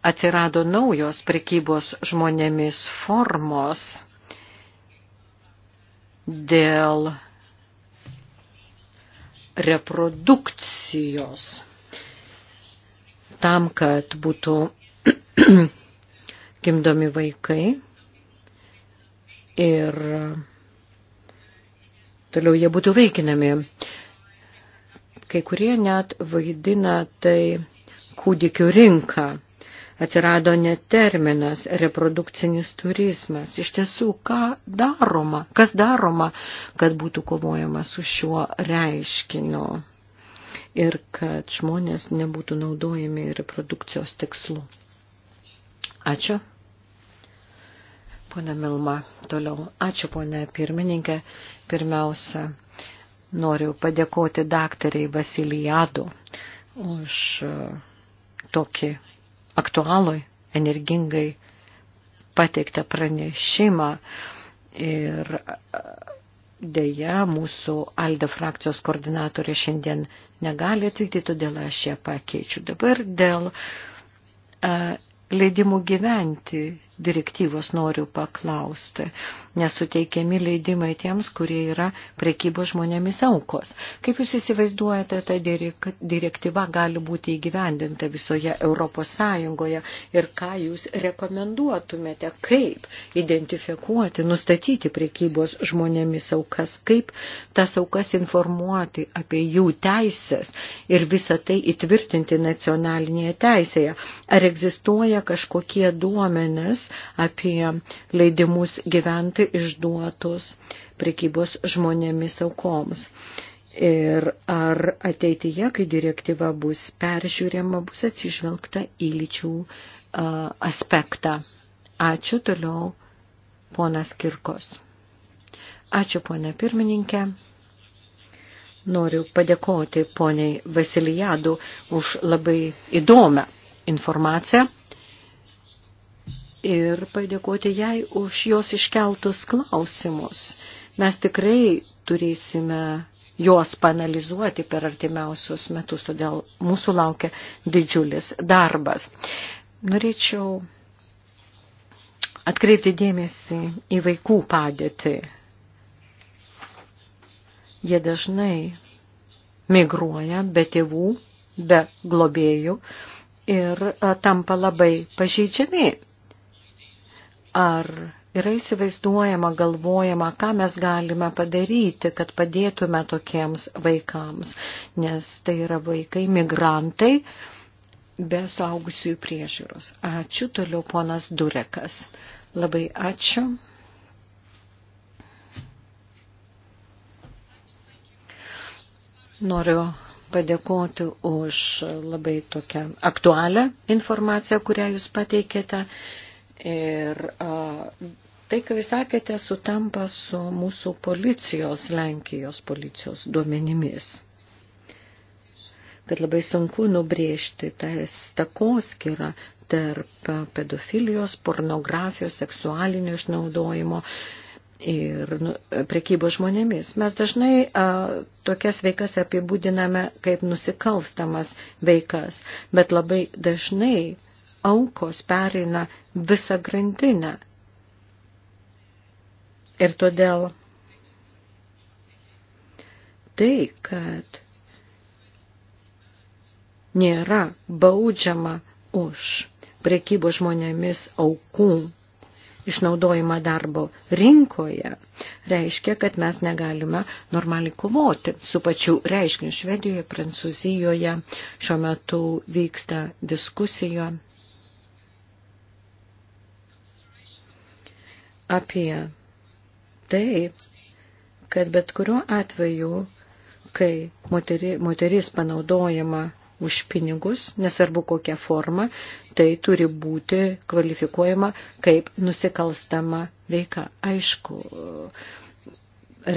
atsirado naujos prekybos žmonėmis formos dėl reprodukcijos tam, kad būtų <clears throat> gimdomi vaikai ir toliau jie būtų veikinami. Kai kurie net vaidina tai kūdikių rinką atsirado net terminas reprodukcinis turizmas. Iš tiesų, ką daroma, kas daroma, kad būtų kovojama su šiuo reiškiniu ir kad žmonės nebūtų naudojami reprodukcijos tikslu. Ačiū. Pone Milma, toliau. Ačiū, pone pirmininkė. Pirmiausia, noriu padėkoti daktariai Vasilijadu už tokį aktualui, energingai pateiktą pranešimą ir dėja mūsų Alde frakcijos koordinatorė šiandien negali atvykti, todėl aš ją pakeičiu. Dabar dėl e, leidimų gyventi direktyvos noriu paklausti, nesuteikiami leidimai tiems, kurie yra prekybo žmonėmis aukos. Kaip Jūs įsivaizduojate, ta direktyva gali būti įgyvendinta visoje Europos Sąjungoje ir ką Jūs rekomenduotumėte, kaip identifikuoti, nustatyti prekybos žmonėmis aukas, kaip tas aukas informuoti apie jų teisės ir visą tai įtvirtinti nacionalinėje teisėje. Ar egzistuoja kažkokie duomenės, duomenis apie leidimus gyventi išduotus prekybos žmonėmis aukoms. Ir ar ateityje, kai direktyva bus peržiūrėma, bus atsižvelgta į lyčių uh, aspektą. Ačiū toliau, ponas Kirkos. Ačiū, ponė pirmininkė. Noriu padėkoti poniai Vasilijadu už labai įdomią informaciją ir padėkoti jai už jos iškeltus klausimus. Mes tikrai turėsime juos panalizuoti per artimiausius metus, todėl mūsų laukia didžiulis darbas. Norėčiau atkreipti dėmesį į vaikų padėtį. Jie dažnai migruoja be tėvų, be globėjų ir tampa labai pažeidžiami. Ar yra įsivaizduojama, galvojama, ką mes galime padaryti, kad padėtume tokiems vaikams, nes tai yra vaikai migrantai be saugusiųjų priežiūros. Ačiū, toliau ponas Durekas. Labai ačiū. Noriu padėkoti už labai tokią aktualią informaciją, kurią jūs pateikėte. Ir a, tai, ką jūs sakėte, sutampa su mūsų policijos, Lenkijos policijos duomenimis. Kad labai sunku nubrėžti tą takoskirą tarp pedofilijos, pornografijos, seksualinio išnaudojimo ir nu, prekybos žmonėmis. Mes dažnai a, tokias veikas apibūdiname kaip nusikalstamas veikas, bet labai dažnai aukos perina visą grandinę. Ir todėl tai, kad nėra baudžiama už prekybo žmonėmis aukų išnaudojimą darbo rinkoje, reiškia, kad mes negalime normaliai kovoti su pačiu reiškiniu Švedijoje, Prancūzijoje. Šiuo metu vyksta diskusija apie tai, kad bet kuriuo atveju, kai moteri, moteris panaudojama už pinigus, nesvarbu kokią formą, tai turi būti kvalifikuojama kaip nusikalstama veika. Aišku,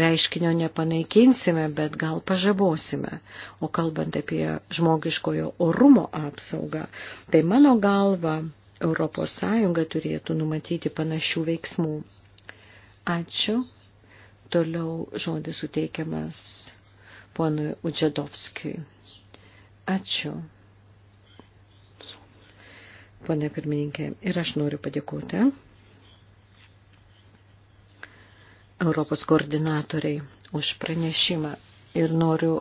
reiškinio nepanaikinsime, bet gal pažabosime. O kalbant apie žmogiškojo orumo apsaugą, tai mano galva Europos Sąjunga turėtų numatyti panašių veiksmų. Ačiū. Toliau žodis suteikiamas ponui Udžedovskijui. Ačiū. Pone pirmininkė, ir aš noriu padėkoti Europos koordinatoriai už pranešimą ir noriu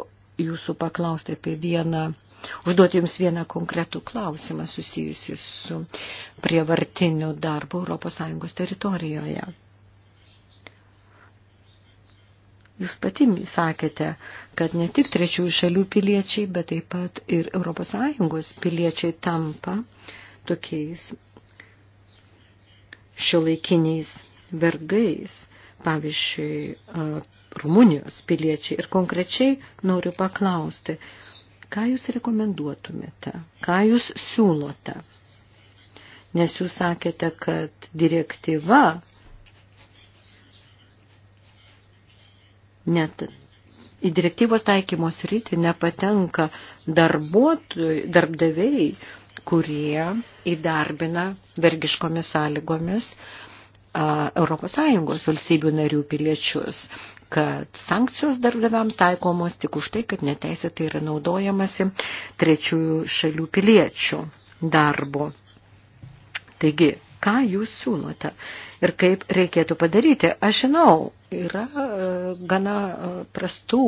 jūsų paklausti apie vieną užduoti Jums vieną konkretų klausimą susijusi su prievartiniu darbu ES teritorijoje. Jūs pati sakėte, kad ne tik trečiųjų šalių piliečiai, bet taip pat ir ES piliečiai tampa tokiais šiuolaikiniais vergais, pavyzdžiui, Rumunijos piliečiai. Ir konkrečiai noriu paklausti, Ką jūs rekomenduotumėte? Ką jūs siūlote? Nes jūs sakėte, kad direktyva net į direktyvos taikymos rytį nepatenka darbdaviai, kurie įdarbina vergiškomis sąlygomis ES valstybių narių piliečius, kad sankcijos darbdaviams taikomos tik už tai, kad neteisėtai yra naudojamasi trečiųjų šalių piliečių darbo. Taigi, ką jūs siūlote ir kaip reikėtų padaryti? Aš žinau, yra e, gana e, prastų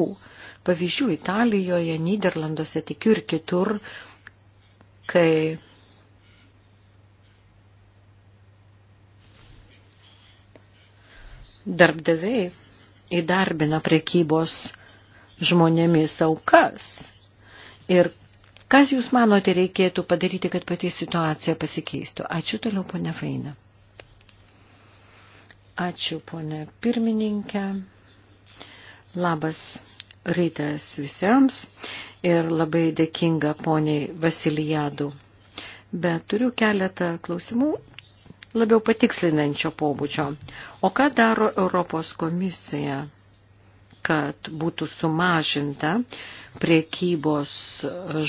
pavyzdžių Italijoje, Niderlanduose, tikiu ir kitur, kai darbdaviai įdarbina prekybos žmonėmis aukas. Ir kas jūs manote reikėtų padaryti, kad pati situacija pasikeistų? Ačiū toliau, ponia Faina. Ačiū, ponia pirmininkė. Labas rytas visiems ir labai dėkinga poniai Vasilijadu. Bet turiu keletą klausimų, labiau patikslinančio pobūdžio. O ką daro Europos komisija, kad būtų sumažinta priekybos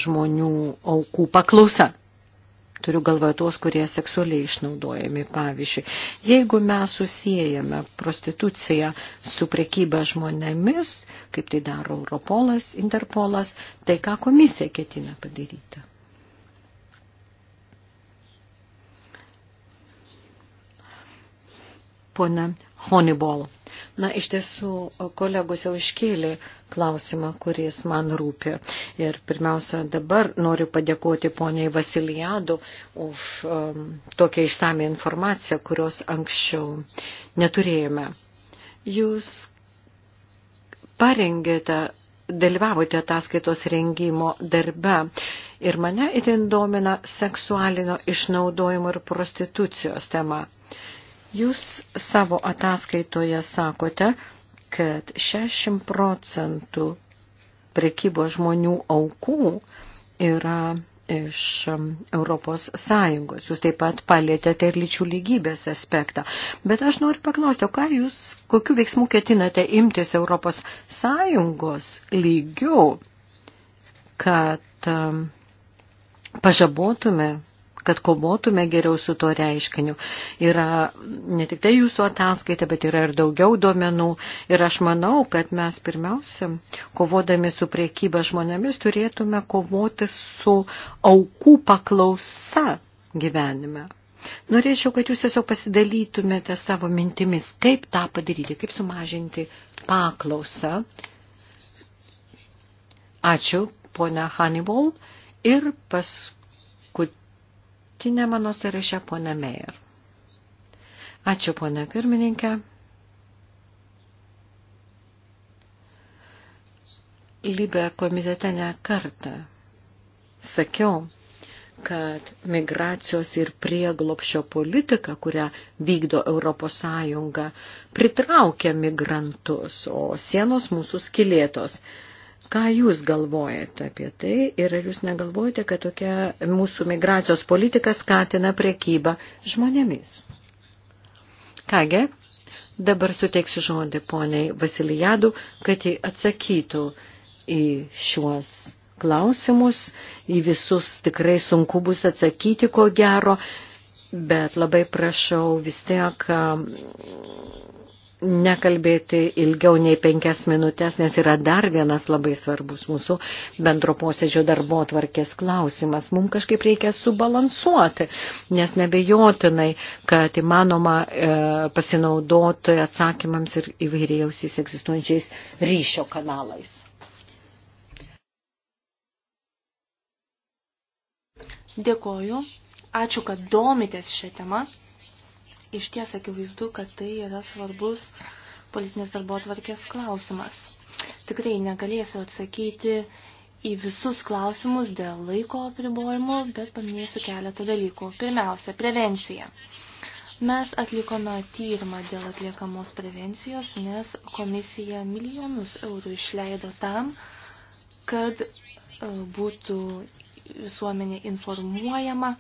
žmonių aukų paklausa? Turiu galvoje tuos, kurie seksualiai išnaudojami, pavyzdžiui. Jeigu mes susijėjame prostituciją su priekyba žmonėmis, kaip tai daro Europolas, Interpolas, tai ką komisija ketina padaryti? pone Honibol. Na, iš tiesų, kolegos jau iškėlė klausimą, kuris man rūpi. Ir pirmiausia, dabar noriu padėkoti poniai Vasilijadu už um, tokią išsame informaciją, kurios anksčiau neturėjome. Jūs parengėte, dalyvavote ataskaitos rengimo darbe ir mane itin domina seksualinio išnaudojimo ir prostitucijos tema. Jūs savo ataskaitoje sakote, kad 60 procentų prekybos žmonių aukų yra iš um, Europos Sąjungos. Jūs taip pat palėtėte ir lyčių lygybės aspektą. Bet aš noriu paklausti, o ką jūs, kokiu veiksmu ketinate imtis Europos Sąjungos lygių, kad um, pažabotume kad kovotume geriau su tuo reiškiniu. Yra ne tik tai jūsų ataskaita, bet yra ir daugiau duomenų. Ir aš manau, kad mes pirmiausia, kovodami su priekyba žmonėmis, turėtume kovoti su aukų paklausa gyvenime. Norėčiau, kad jūs tiesiog pasidalytumėte savo mintimis, kaip tą padaryti, kaip sumažinti paklausą. Ačiū, ponia Hannibal. Ir paskui paskutinė mano sąraše ponė Meijer. Ačiū, ponė pirmininkė. Libė komitete ne kartą sakiau, kad migracijos ir prieglopšio politika, kurią vykdo Europos Sąjunga, pritraukia migrantus, o sienos mūsų skilėtos. Ką Jūs galvojate apie tai ir ar Jūs negalvojate, kad tokia mūsų migracijos politika skatina priekybą žmonėmis? Kągi, dabar suteiksiu žodį poniai Vasilijadu, kad jį atsakytų į šiuos klausimus, į visus tikrai sunku bus atsakyti, ko gero, bet labai prašau vis tiek nekalbėti ilgiau nei penkias minutės, nes yra dar vienas labai svarbus mūsų bendro posėdžio darbo tvarkės klausimas. Mums kažkaip reikia subalansuoti, nes nebejotinai, kad įmanoma e, pasinaudoti atsakymams ir įvairiausiais egzistuojančiais ryšio kanalais. Dėkoju. Ačiū, kad domitės šią temą iš ties akivaizdu, kad tai yra svarbus politinės darbo atvarkės klausimas. Tikrai negalėsiu atsakyti į visus klausimus dėl laiko apribojimo, bet paminėsiu keletą dalykų. Pirmiausia, prevencija. Mes atlikome tyrimą dėl atliekamos prevencijos, nes komisija milijonus eurų išleido tam, kad e, būtų visuomenė informuojama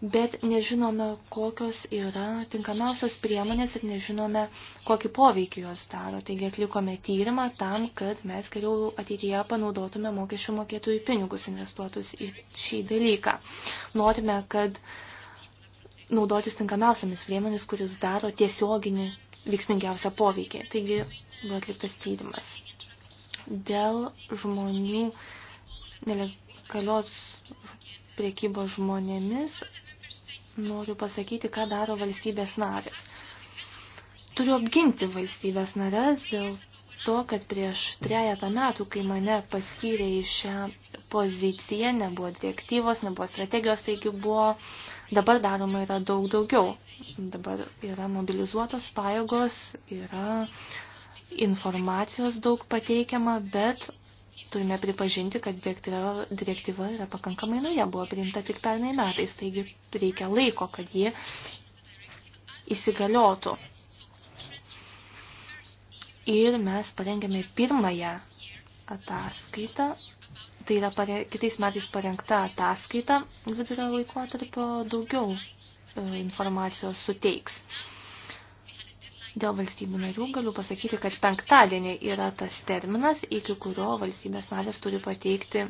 bet nežinome, kokios yra tinkamiausios priemonės ir nežinome, kokį poveikį jos daro. Taigi atlikome tyrimą tam, kad mes geriau ateityje panaudotume mokesčių mokėtojų pinigus investuotus į šį dalyką. Norime, kad naudotis tinkamiausiomis priemonės, kuris daro tiesioginį veiksmingiausią poveikį. Taigi buvo atliktas tyrimas. Dėl žmonių nelegalios priekybos žmonėmis noriu pasakyti, ką daro valstybės narės. Turiu apginti valstybės narės dėl to, kad prieš trejatą metų, kai mane paskyrė į šią poziciją, nebuvo direktyvos, nebuvo strategijos, taigi buvo, dabar daroma yra daug daugiau. Dabar yra mobilizuotos pajėgos, yra informacijos daug pateikiama, bet turime pripažinti, kad direktyva, direktyva yra pakankamai nauja, buvo priimta tik pernai metais, taigi reikia laiko, kad ji įsigaliotų. Ir mes parengėme pirmąją ataskaitą, tai yra pare, kitais metais parengta ataskaita vidurio laikotarpio daugiau e, informacijos suteiks. Dėl valstybių narių galiu pasakyti, kad penktadienį yra tas terminas, iki kurio valstybės narės turi pateikti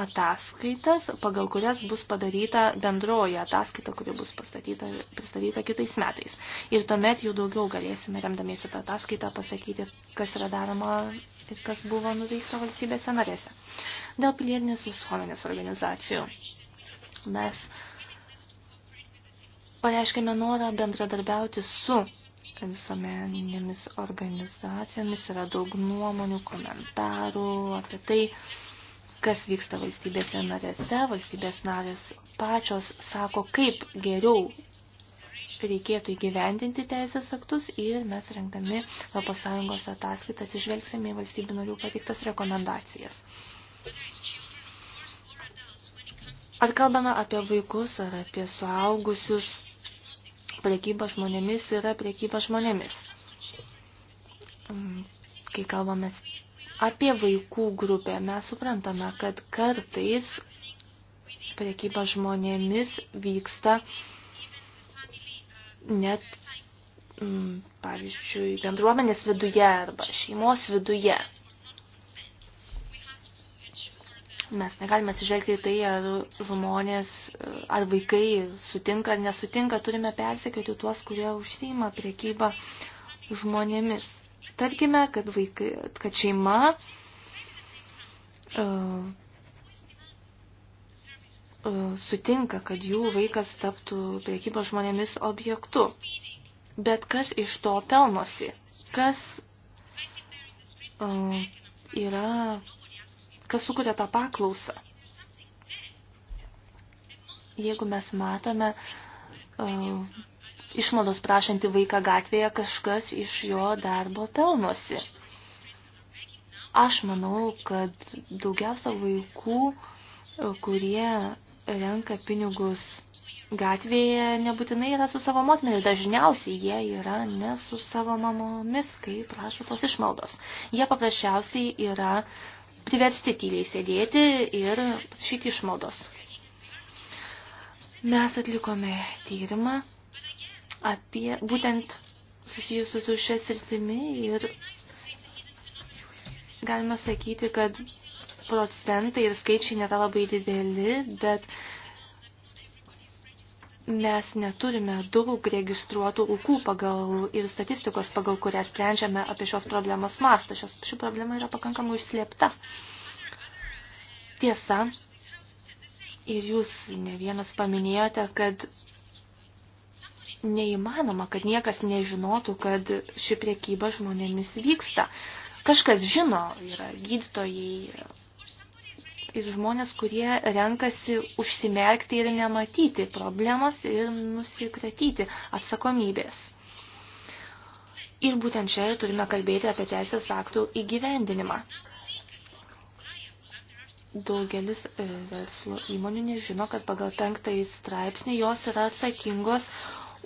ataskaitas, pagal kurias bus padaryta bendroji ataskaita, kuri bus pastatyta, pristatyta kitais metais. Ir tuomet jau daugiau galėsime, remdamiesi tą ataskaitą, pasakyti, kas yra daroma ir kas buvo nuveikta valstybėse narėse. Dėl pilietinės visuomenės organizacijų mes pareiškėme norą bendradarbiauti su visuomeninėmis organizacijomis. Yra daug nuomonių, komentarų apie tai, kas vyksta valstybėse narėse. Valstybės narės pačios sako, kaip geriau reikėtų įgyvendinti teisės aktus ir mes rengdami ES ataskaitas išvelgsime į valstybių narių pateiktas rekomendacijas. Ar kalbame apie vaikus ar apie suaugusius, prekyba žmonėmis yra prekyba žmonėmis. Kai kalbame apie vaikų grupę, mes suprantame, kad kartais prekyba žmonėmis vyksta net, mm, pavyzdžiui, bendruomenės viduje arba šeimos viduje. Mes negalime atsižvelgti į tai, ar žmonės, ar vaikai sutinka ar nesutinka, turime persekioti tuos, kurie užsima priekybą žmonėmis. Tarkime, kad, vaikai, kad šeima uh, uh, sutinka, kad jų vaikas taptų priekybos žmonėmis objektu. Bet kas iš to pelnosi? Kas uh, yra kas sukuria tą paklausą. Jeigu mes matome uh, išmaldos prašantį vaiką gatvėje, kažkas iš jo darbo pelnosi. Aš manau, kad daugiausia vaikų, kurie renka pinigus gatvėje, nebūtinai yra su savo motinai. Dažniausiai jie yra ne su savo mamomis, kai prašo tos išmaldos. Jie paprasčiausiai yra priversti tyliai sėdėti ir prašyti išmaldos. Mes atlikome tyrimą apie būtent susijusiu su šia sritimi ir galima sakyti, kad procentai ir skaičiai nėra labai dideli, bet uh, mes neturime daug registruotų aukų pagal ir statistikos, pagal kurią sprendžiame apie šios problemos mastą. Šios, ši problema yra pakankamai užslėpta. Tiesa, ir jūs ne vienas paminėjote, kad neįmanoma, kad niekas nežinotų, kad ši priekyba žmonėmis vyksta. Kažkas žino, yra gydytojai, ir žmonės, kurie renkasi užsimerkti ir nematyti problemos ir nusikratyti atsakomybės. Ir būtent čia turime kalbėti apie teisės aktų įgyvendinimą. Daugelis e, verslo įmonių nežino, kad pagal penktąjį straipsnį jos yra atsakingos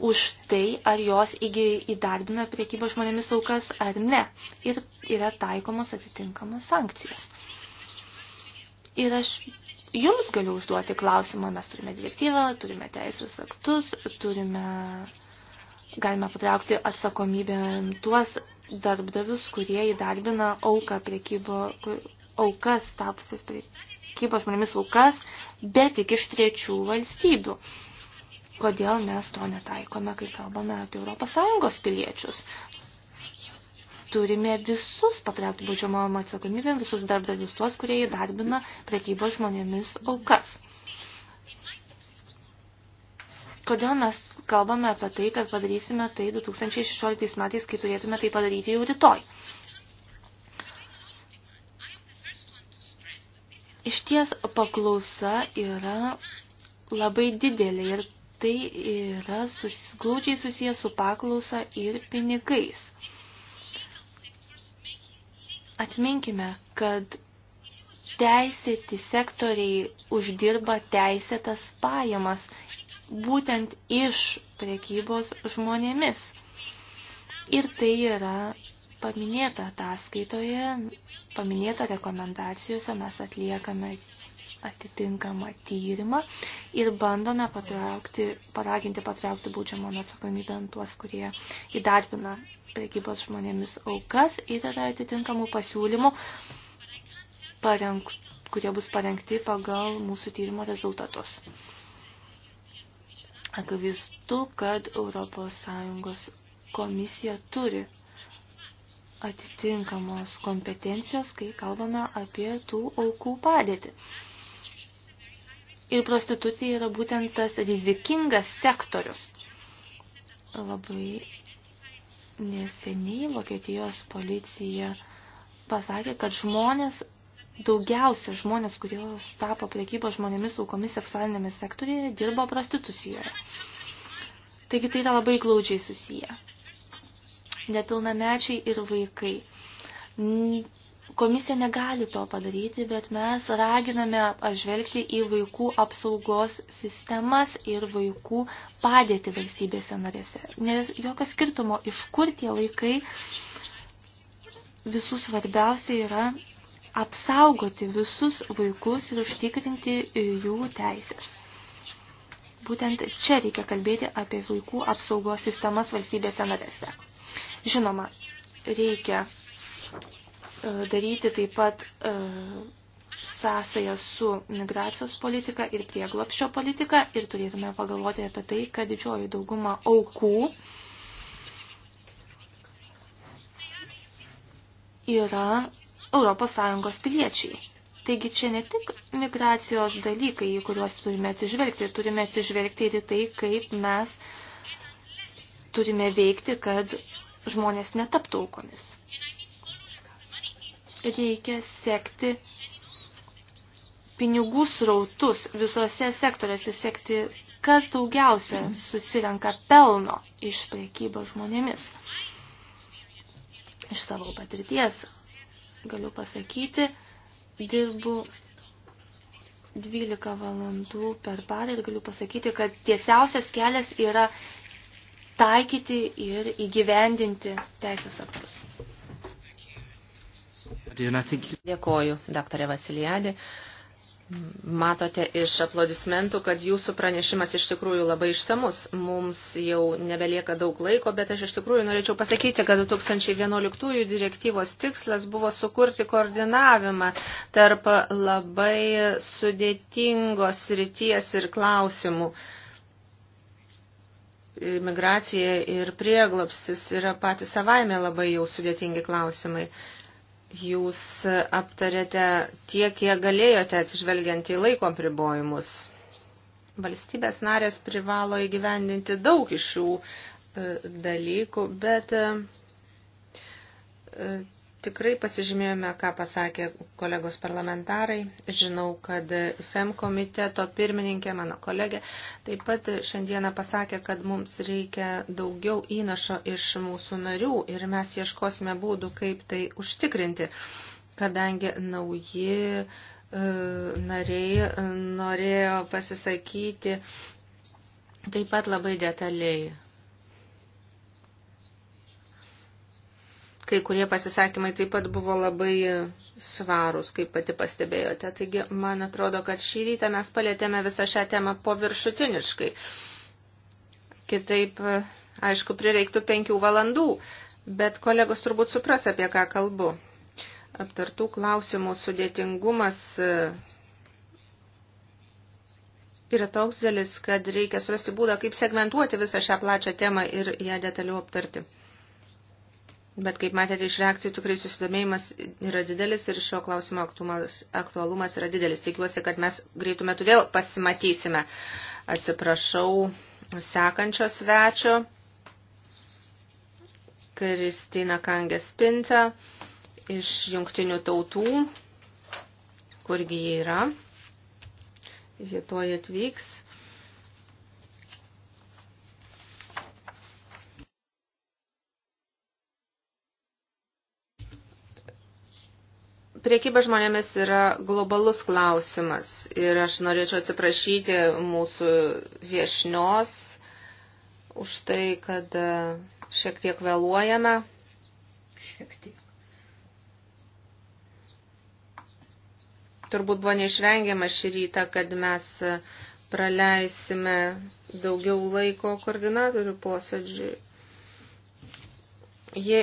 už tai, ar jos įdarbina priekybą žmonėmis aukas ar ne. Ir yra taikomos atitinkamos sankcijos. Ir aš jums galiu užduoti klausimą, mes turime direktyvą, turime teisės aktus, turime, galime patraukti atsakomybę tuos darbdavius, kurie įdarbina auką priekybo, aukas tapusias priekybos žmonėmis aukas, bet tik iš trečių valstybių. Kodėl mes to netaikome, kai kalbame apie ES piliečius? turime visus patraukti baudžiamojom atsakomybėm, visus darbdavius tuos, kurie įdarbina prekybos žmonėmis aukas. Kodėl mes kalbame apie tai, kad padarysime tai 2016 metais, kai turėtume tai padaryti jau rytoj? Iš ties paklausa yra labai didelė ir tai yra glaudžiai susijęs su paklausa ir pinigais. Atminkime, kad teisėti sektoriai uždirba teisėtas pajamas būtent iš prekybos žmonėmis. Ir tai yra paminėta ataskaitoje, paminėta rekomendacijose, mes atliekame atitinkamą tyrimą ir bandome patraukti, paraginti patraukti būdžiamą atsakomybę tuos, kurie įdarbina prekybos žmonėmis aukas ir yra atitinkamų pasiūlymų, parengt, kurie bus parengti pagal mūsų tyrimo rezultatus. Akivaizdu, kad ES komisija turi atitinkamos kompetencijos, kai kalbame apie tų aukų padėtį ir prostitucija yra būtent tas rizikingas sektorius. Labai neseniai Vokietijos policija pasakė, kad žmonės, daugiausia žmonės, kurios tapo prekybos žmonėmis aukomis seksualinėme sektorijoje, dirbo prostitucijoje. Taigi tai yra labai glaudžiai susiję. Nepilnamečiai ir vaikai. Komisija negali to padaryti, bet mes raginame pažvelgti į vaikų apsaugos sistemas ir vaikų padėti valstybėse narėse. Nes jokio skirtumo, iš kur tie vaikai visų svarbiausia yra apsaugoti visus vaikus ir užtikrinti jų teisės. Būtent čia reikia kalbėti apie vaikų apsaugos sistemas valstybėse narėse. Žinoma, reikia E, daryti taip pat e, sąsają su migracijos politika ir prieglopščio politika ir turėtume pagalvoti apie tai, kad didžioji dauguma aukų yra ES piliečiai. Taigi čia ne tik migracijos dalykai, į kuriuos turime atsižvelgti, turime atsižvelgti ir į tai, kaip mes turime veikti, kad žmonės netaptų aukomis reikia sekti pinigų srautus visose sektoriuose, sekti, kas daugiausia susirenka pelno iš prekybos žmonėmis. Iš savo patirties galiu pasakyti, dirbu 12 valandų per parą ir galiu pasakyti, kad tiesiausias kelias yra taikyti ir įgyvendinti teisės aktus. Dėkoju, daktarė Vasilijadė. Matote iš aplodismentų, kad jūsų pranešimas iš tikrųjų labai išsamus. Mums jau nebelieka daug laiko, bet aš iš tikrųjų norėčiau pasakyti, kad 2011 direktyvos tikslas buvo sukurti koordinavimą tarp labai sudėtingos ryties ir klausimų. Migracija ir prieglopsis yra patys savaime labai jau sudėtingi klausimai. Jūs aptarėte tiek, kiek galėjote atsižvelgiant į laiko pribojimus. Valstybės narės privalo įgyvendinti daug iš šių e, dalykų, bet e, Tikrai pasižymėjome, ką pasakė kolegos parlamentarai. Žinau, kad FEM komiteto pirmininkė, mano kolegė, taip pat šiandieną pasakė, kad mums reikia daugiau įnašo iš mūsų narių ir mes ieškosime būdų, kaip tai užtikrinti, kadangi nauji e, nariai norėjo pasisakyti taip pat labai detaliai. Kai kurie pasisakymai taip pat buvo labai svarūs, kaip pati pastebėjote. Taigi, man atrodo, kad šį rytą mes palėtėme visą šią temą paviršutiniškai. Kitaip, aišku, prireiktų penkių valandų, bet kolegos turbūt supras, apie ką kalbu. Aptartų klausimų sudėtingumas e, yra toks dėlis, kad reikia surasti būdą, kaip segmentuoti visą šią plačią temą ir ją detaliau aptarti. Bet kaip matėte iš reakcijų, tikrai susidomėjimas yra didelis ir šio klausimo aktualumas yra didelis. Tikiuosi, kad mes greitų metų vėl pasimatysime. Atsiprašau sekančio svečio. Kristina Kangė Spinta iš jungtinių tautų. Kurgi jie yra? Jie tuoj atvyks. Priekyba žmonėmis yra globalus klausimas ir aš norėčiau atsiprašyti mūsų viešnios už tai, kad e, šiek tiek vėluojame. Šiek tiek. Turbūt buvo neišvengiama šį rytą, kad mes e, praleisime daugiau laiko koordinatorių posėdžiui. Jie,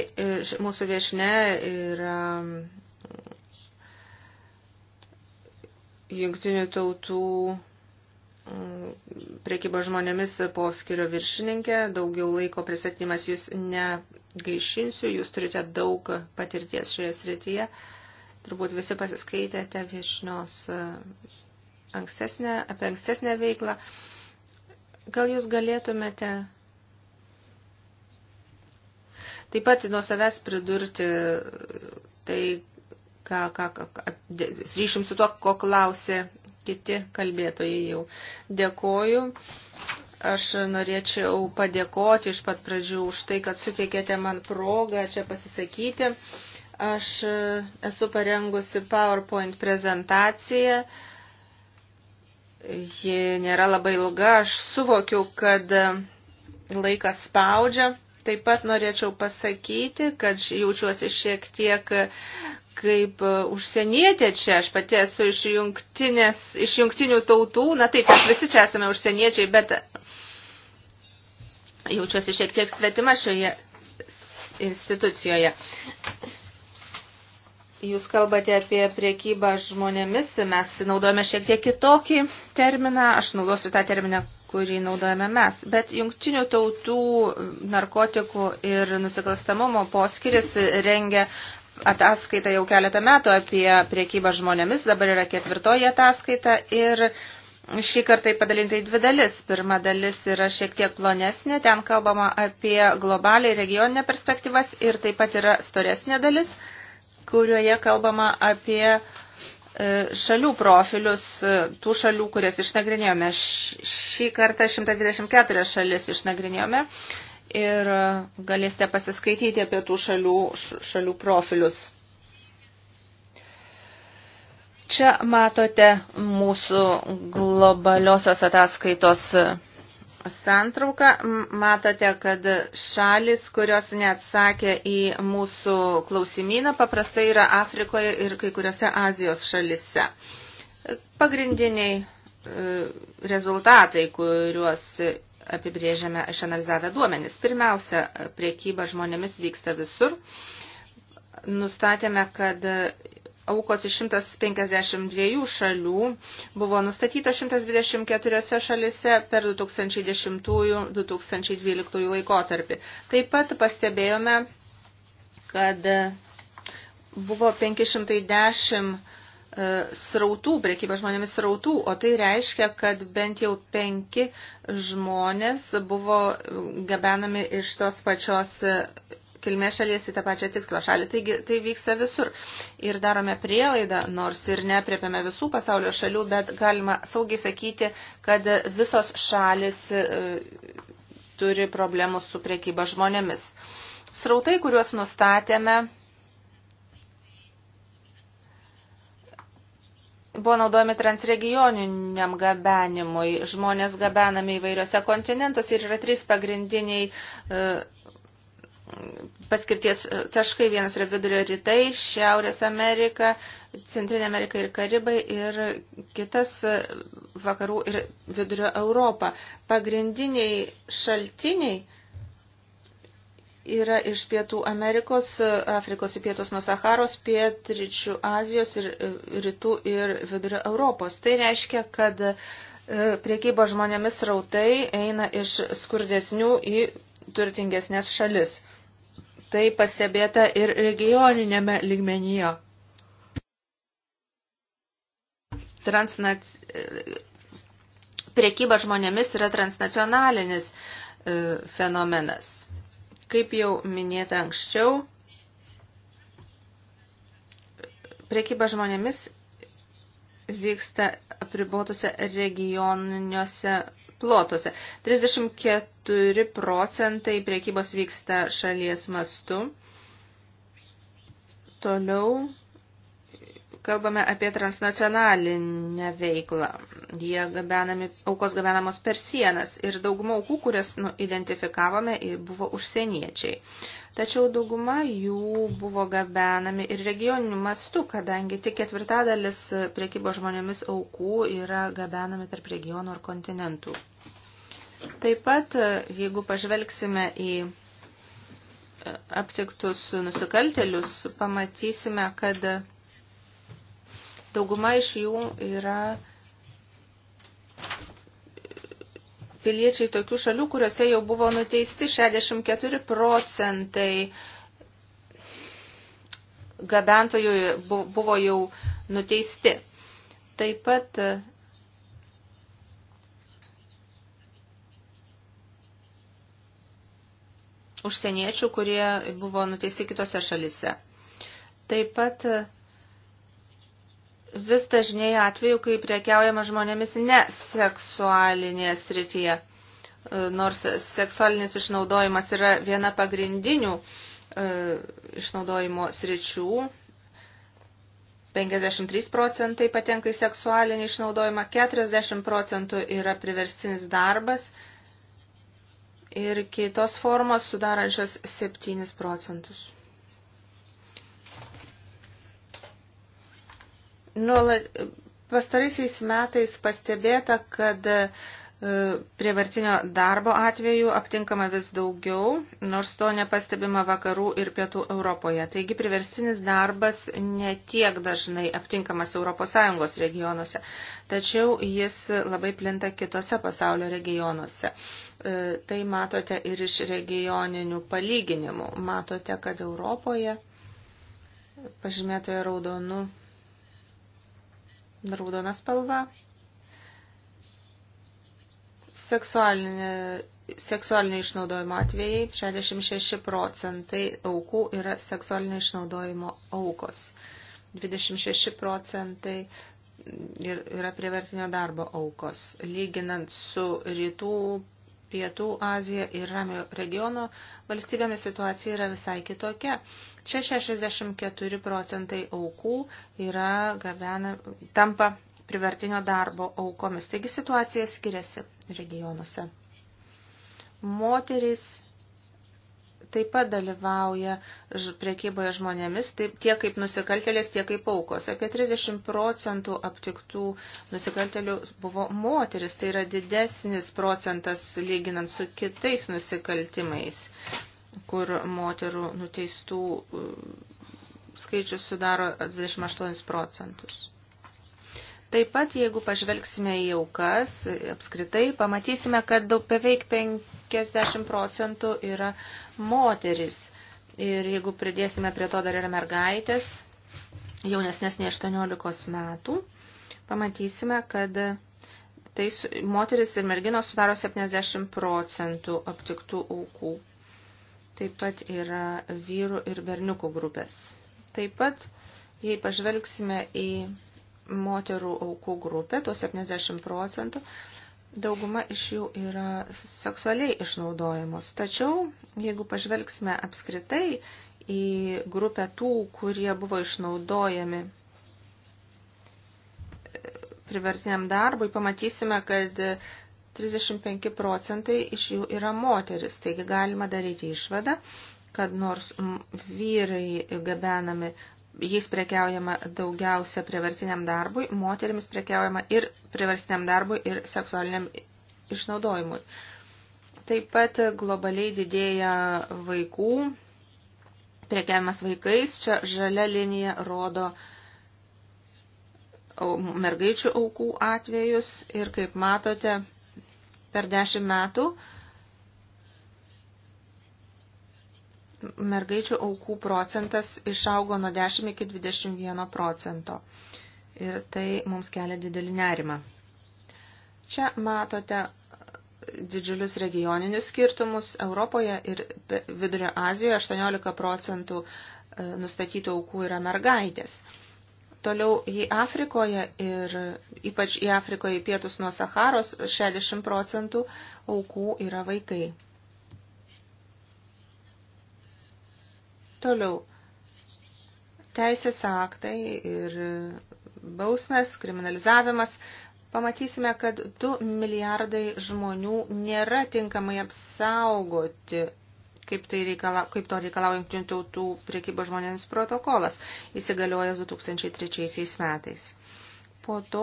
mūsų viešne yra jungtinių tautų mm, priekybo žmonėmis poskirio viršininkė, daugiau laiko pristatymas jūs negaišinsiu, jūs turite daug patirties šioje srityje. Turbūt visi pasiskaitėte viešnios e, ankstesnę, apie ankstesnę veiklą. Gal jūs galėtumėte taip pat nuo savęs pridurti tai, ką, ką, ką, ryšim su tuo, ko klausė kiti kalbėtojai jau. Dėkoju. Aš norėčiau padėkoti iš pat pradžių už tai, kad suteikėte man progą čia pasisakyti. Aš esu parengusi PowerPoint prezentaciją. Ji nėra labai ilga. Aš suvokiau, kad laikas spaudžia. Taip pat norėčiau pasakyti, kad jaučiuosi šiek tiek kaip e, užsienietė čia, aš pati esu iš, iš jungtinių tautų, na taip, mes visi čia esame užsieniečiai, bet jaučiuosi šiek tiek svetima šioje institucijoje. Jūs kalbate apie priekybą žmonėmis, mes naudojame šiek tiek kitokį terminą, aš naudosiu tą terminą, kurį naudojame mes. Bet jungtinių tautų narkotikų ir nusikalstamumo poskiris rengia ataskaitą jau keletą metų apie priekybą žmonėmis, dabar yra ketvirtoji ataskaita ir šį kartą padalinta į dvi dalis. Pirma dalis yra šiek tiek plonesnė, ten kalbama apie globaliai regioninę perspektyvas ir taip pat yra storesnė dalis, kurioje kalbama apie e, šalių profilius, e, tų šalių, kurias išnagrinėjome. Šį kartą 124 šalis išnagrinėjome ir galėsite pasiskaityti apie tų šalių, šalių profilius. Čia matote mūsų globaliosios ataskaitos santrauką. Matote, kad šalis, kurios neatsakė į mūsų klausimyną, paprastai yra Afrikoje ir kai kuriuose Azijos šalise. Pagrindiniai e, rezultatai, kuriuos apibrėžiame išanalizavę duomenis. Pirmiausia, priekyba žmonėmis vyksta visur. Nustatėme, kad aukos iš 152 šalių buvo nustatyta 124 šalise per 2010-2012 laikotarpį. Taip pat pastebėjome, kad buvo 510 E, srautų, priekybos žmonėmis srautų, o tai reiškia, kad bent jau penki žmonės buvo gabenami iš tos pačios kilmės šalies į tą pačią tikslo šalį. Taigi tai vyksta visur. Ir darome prielaidą, nors ir nepriepiame visų pasaulio šalių, bet galima saugiai sakyti, kad visos šalis e, turi problemų su priekyba žmonėmis. Srautai, kuriuos nustatėme, buvo naudojami transregioniniam gabenimui. Žmonės gabenami įvairiose kontinentuose ir yra trys pagrindiniai e, paskirties e, taškai. Vienas yra vidurio rytai, Šiaurės Amerika, Centrinė Amerika ir Karibai ir kitas e, vakarų ir vidurio Europą. Pagrindiniai šaltiniai yra iš Pietų Amerikos, Afrikos į pietus nuo Saharos, pietryčių Azijos ir rytų ir vidurio Europos. Tai reiškia, kad e, priekybo žmonėmis rautai eina iš skurdesnių į turtingesnės šalis. Tai pastebėta ir regioninėme ligmenyje. Transnac... Priekyba žmonėmis yra transnacionalinis e, fenomenas. Kaip jau minėta anksčiau, priekyba žmonėmis vyksta apribotose regioniniuose plotuose. 34 procentai priekybos vyksta šalies mastu. Toliau Kalbame apie transnacionalinę veiklą. Jie gabenami, aukos gabenamos per sienas ir dauguma aukų, kurias nu, identifikavome, buvo užsieniečiai. Tačiau dauguma jų buvo gabenami ir regioniniu mastu, kadangi tik ketvirtadalis priekybo žmonėmis aukų yra gabenami tarp regionų ar kontinentų. Taip pat, jeigu pažvelgsime į e, aptiktus nusikaltelius, pamatysime, kad Dauguma iš jų yra piliečiai tokių šalių, kuriuose jau buvo nuteisti 64 procentai gabentojų buvo jau nuteisti. Taip pat užsieniečių, kurie buvo nuteisti kitose šalise. Taip pat vis dažniai atveju, kai priekiaujama žmonėmis ne seksualinėje srityje. E, nors seksualinis išnaudojimas yra viena pagrindinių e, išnaudojimo sričių. 53 procentai patenka į seksualinį išnaudojimą, 40 procentų yra priverstinis darbas ir kitos formos sudarančios 7 procentus. Nuola, pastaraisiais metais pastebėta, kad e, prievartinio darbo atveju aptinkama vis daugiau, nors to nepastebima vakarų ir pietų Europoje. Taigi priverstinis darbas netiek dažnai aptinkamas ES regionuose, tačiau jis labai plinta kitose pasaulio regionuose. E, tai matote ir iš regioninių palyginimų. Matote, kad Europoje pažymėtoje raudonu raudona spalva, seksualinė, seksualinio išnaudojimo atvejai, 66 procentai aukų yra seksualinio išnaudojimo aukos, 26 procentai yra prievertinio darbo aukos. Lyginant su rytų, pietų Azija ir ramio regiono valstybėmis situacija yra visai kitokia. Čia 64 procentai aukų yra gabena, tampa privertinio darbo aukomis. Taigi situacija skiriasi regionuose. Moterys taip pat dalyvauja priekyboje žmonėmis, taip, tiek kaip nusikaltelės, tiek kaip aukos. Apie 30 procentų aptiktų nusikaltelių buvo moteris, tai yra didesnis procentas lyginant su kitais nusikaltimais kur moterų nuteistų e, skaičius sudaro 28 procentus. Taip pat, jeigu pažvelgsime į aukas, apskritai pamatysime, kad daug beveik 50 procentų yra moteris. Ir jeigu pridėsime prie to dar ir mergaitės, jaunesnės nei 18 metų, pamatysime, kad tai moteris ir merginos sudaro 70 procentų aptiktų aukų taip pat yra vyrų ir berniukų grupės. Taip pat, jei pažvelgsime į moterų aukų grupę, tuos 70 procentų, dauguma iš jų yra seksualiai išnaudojamos. Tačiau, jeigu pažvelgsime apskritai į grupę tų, kurie buvo išnaudojami e, privertiniam darbui, pamatysime, kad 35 procentai iš jų yra moteris, taigi galima daryti išvadą, kad nors vyrai gabenami, jais prekiaujama daugiausia privartiniam darbui, moterimis prekiaujama ir privartiniam darbui, ir seksualiniam išnaudojimui. Taip pat globaliai didėja vaikų, prekiavimas vaikais, čia žalia linija rodo mergaičių aukų atvejus ir kaip matote, per dešimt metų mergaičių aukų procentas išaugo nuo 10 iki 21 procento. Ir tai mums kelia didelį nerimą. Čia matote didžiulius regioninius skirtumus. Europoje ir Vidurio Azijoje 18 procentų e, nustatytų aukų yra mergaitės. Toliau į Afrikoje ir ypač į Afrikoje į pietus nuo Saharos 60 procentų aukų yra vaikai. Toliau. Teisės aktai ir bausmės, kriminalizavimas. Pamatysime, kad 2 milijardai žmonių nėra tinkamai apsaugoti kaip, tai reikala, kaip to reikalauja jungtinių tautų priekybos žmonėms protokolas, įsigaliojęs 2003 metais. Po to,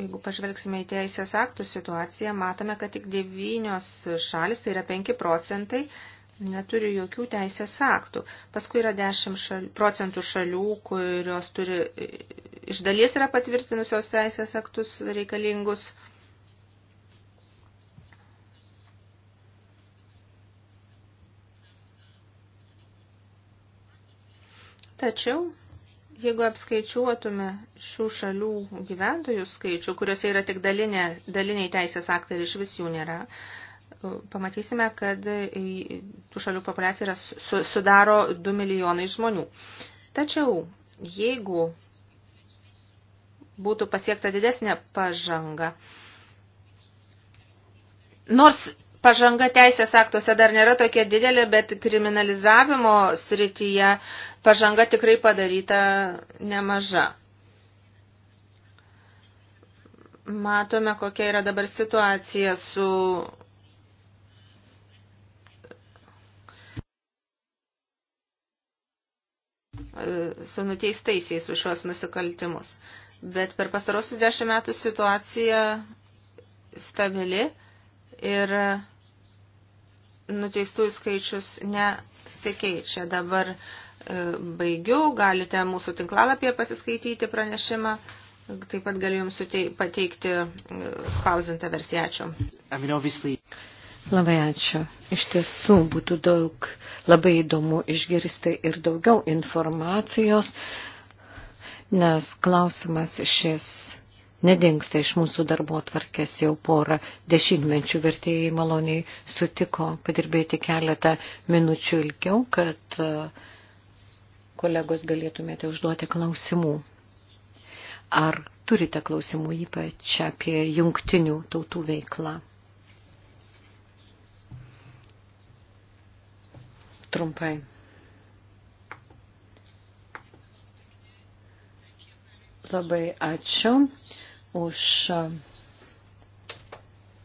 jeigu pažvelgsime į teisės aktų situaciją, matome, kad tik devynios šalis, tai yra 5 procentai, neturi jokių teisės aktų. Paskui yra 10 šal, procentų šalių, kurios turi iš dalies yra patvirtinusios teisės aktus reikalingus Tačiau, jeigu apskaičiuotume šių šalių gyventojų skaičių, kuriuose yra tik dalinė, daliniai teisės aktai ir iš vis jų nėra, pamatysime, kad tų šalių populiacija yra, su, sudaro 2 milijonai žmonių. Tačiau, jeigu būtų pasiekta didesnė pažanga, nors pažanga teisės aktuose dar nėra tokia didelė, bet kriminalizavimo srityje pažanga tikrai padaryta nemaža. Matome, kokia yra dabar situacija su su nuteistaisiais už šios nusikaltimus. Bet per pastarosius dešimt metų situacija stabili ir nuteistųjų skaičius nesikeičia. Dabar e, baigiau, galite mūsų tinklalapyje pasiskaityti pranešimą. Taip pat galiu Jums pateikti e, spausintą versiją. Ačiū. I mean, obviously... Labai ačiū. Iš tiesų būtų daug labai įdomu išgirsti ir daugiau informacijos, nes klausimas šis nedingsta iš mūsų darbo tvarkės jau porą dešimtmečių. Vertėjai maloniai sutiko padirbėti keletą minučių ilgiau, kad e, kolegos galėtumėte užduoti klausimų. Ar turite klausimų ypač apie jungtinių tautų veiklą? Trumpai. Labai ačiū už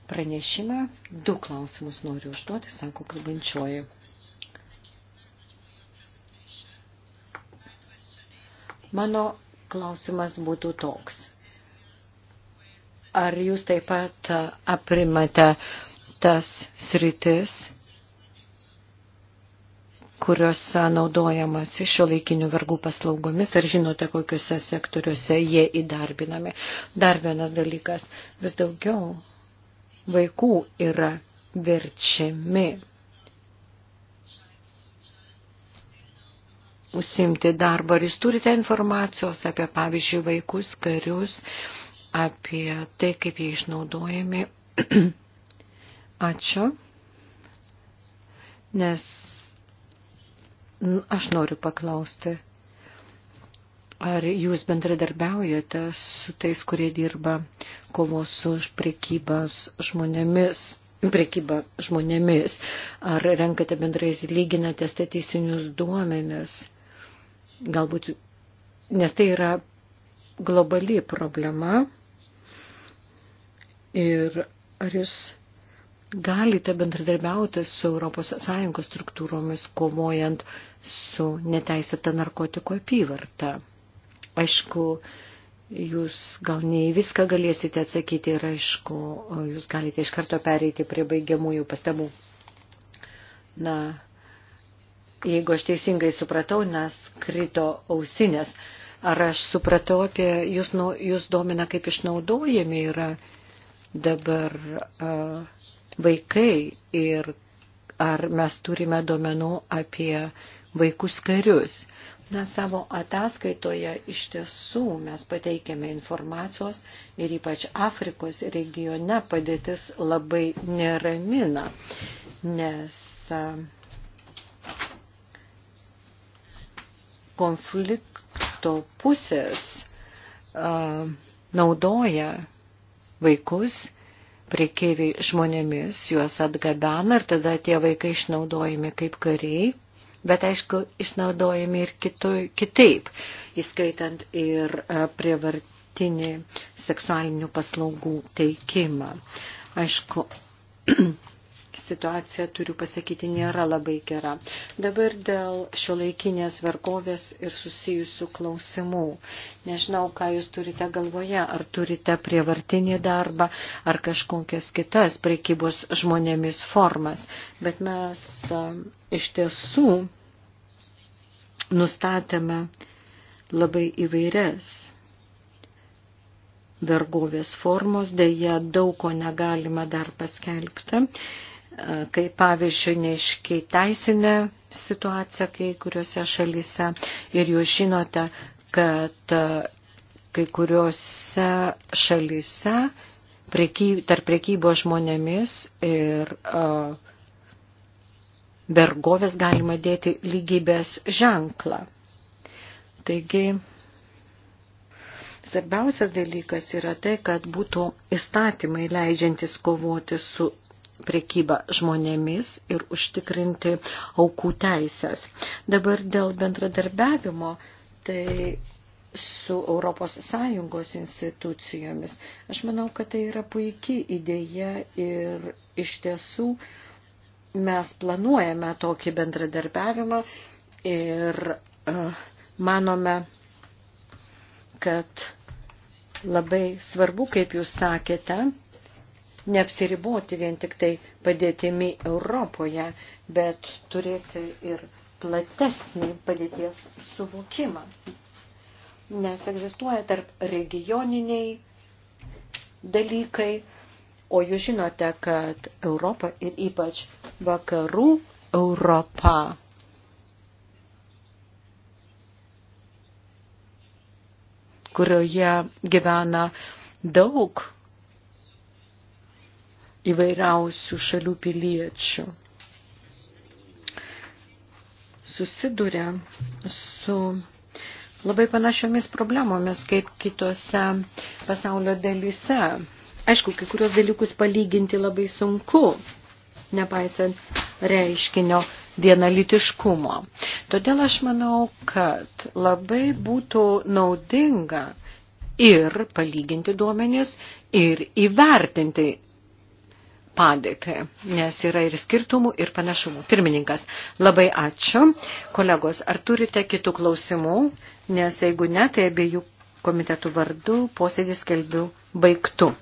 pranešimą. Du klausimus noriu užduoti, sako kalbančioji. Mano klausimas būtų toks. Ar jūs taip pat aprimate tas sritis, kuriuose naudojamas šio laikinių vergų paslaugomis. Ar žinote, kokiuose sektoriuose jie įdarbinami? Dar vienas dalykas. Vis daugiau vaikų yra verčiami užsimti darbą. Ar jūs turite informacijos apie, pavyzdžiui, vaikus, karius, apie tai, kaip jie išnaudojami? <clears throat> Ačiū. Nes Aš noriu paklausti, ar jūs bendradarbiaujate su tais, kurie dirba kovos už priekybas žmonėmis? Prekyba žmonėmis. Ar renkate bendrais, lyginate statistinius duomenis? Galbūt, nes tai yra globali problema. Ir ar jūs galite bendradarbiauti su ES struktūromis, kovojant su neteisėta narkotiko apyvarta? Aišku, jūs gal ne į viską galėsite atsakyti ir aišku, jūs galite iš karto pereiti prie baigiamųjų pastabų. Na, jeigu aš teisingai supratau, nes krito ausinės, ar aš supratau apie, jūs, nu, jūs domina, kaip išnaudojami yra dabar. Uh, vaikai ir ar mes turime duomenų apie vaikus karius. Na, savo ataskaitoje iš tiesų mes pateikėme informacijos ir ypač Afrikos regione padėtis labai neramina, nes konflikto pusės naudoja vaikus priekeiviai žmonėmis, juos atgabena ir tada tie vaikai išnaudojami kaip kariai, bet aišku, išnaudojami ir kitu, kitaip, įskaitant ir e, prievartinį seksualinių paslaugų teikimą. Aišku, <clears throat> situacija, turiu pasakyti, nėra labai gera. Dabar dėl šio laikinės vergovės ir susijusių klausimų. Nežinau, ką jūs turite galvoje, ar turite prievartinį darbą, ar kažkokias kitas prekybos žmonėmis formas, bet mes iš tiesų nustatėme labai įvairias vergovės formos, dėja daug ko negalima dar paskelbti. E, kaip pavyzdžiui neiškiai teisinė situacija kai kuriuose šalyse ir jūs žinote, kad e, kai kuriuose šalyse prekyb, tarp prekybos žmonėmis ir e, vergovės galima dėti lygybės ženklą. Taigi, svarbiausias dalykas yra tai, kad būtų įstatymai leidžiantis kovoti su priekybą žmonėmis ir užtikrinti aukų teisės. Dabar dėl bendradarbiavimo, tai su Europos Sąjungos institucijomis. Aš manau, kad tai yra puikiai idėja ir iš tiesų mes planuojame tokį bendradarbiavimą ir uh, manome, kad labai svarbu, kaip jūs sakėte, neapsiriboti vien tik tai padėtimi Europoje, bet turėti ir platesnį padėties suvokimą. Nes egzistuoja tarp regioniniai dalykai, o jūs žinote, kad Europa ir ypač vakarų Europa kurioje gyvena daug įvairiausių šalių piliečių susiduria su labai panašiomis problemomis kaip kitose pasaulio dalyse. Aišku, kai kurios dalykus palyginti labai sunku, nepaisant reiškinio vienalitiškumo. Todėl aš manau, kad labai būtų naudinga ir palyginti duomenis, ir įvertinti padėtį, nes yra ir skirtumų, ir panašumų. Pirmininkas, labai ačiū. Kolegos, ar turite kitų klausimų? Nes jeigu ne, tai abiejų komitetų vardu posėdį skelbiu baigtų.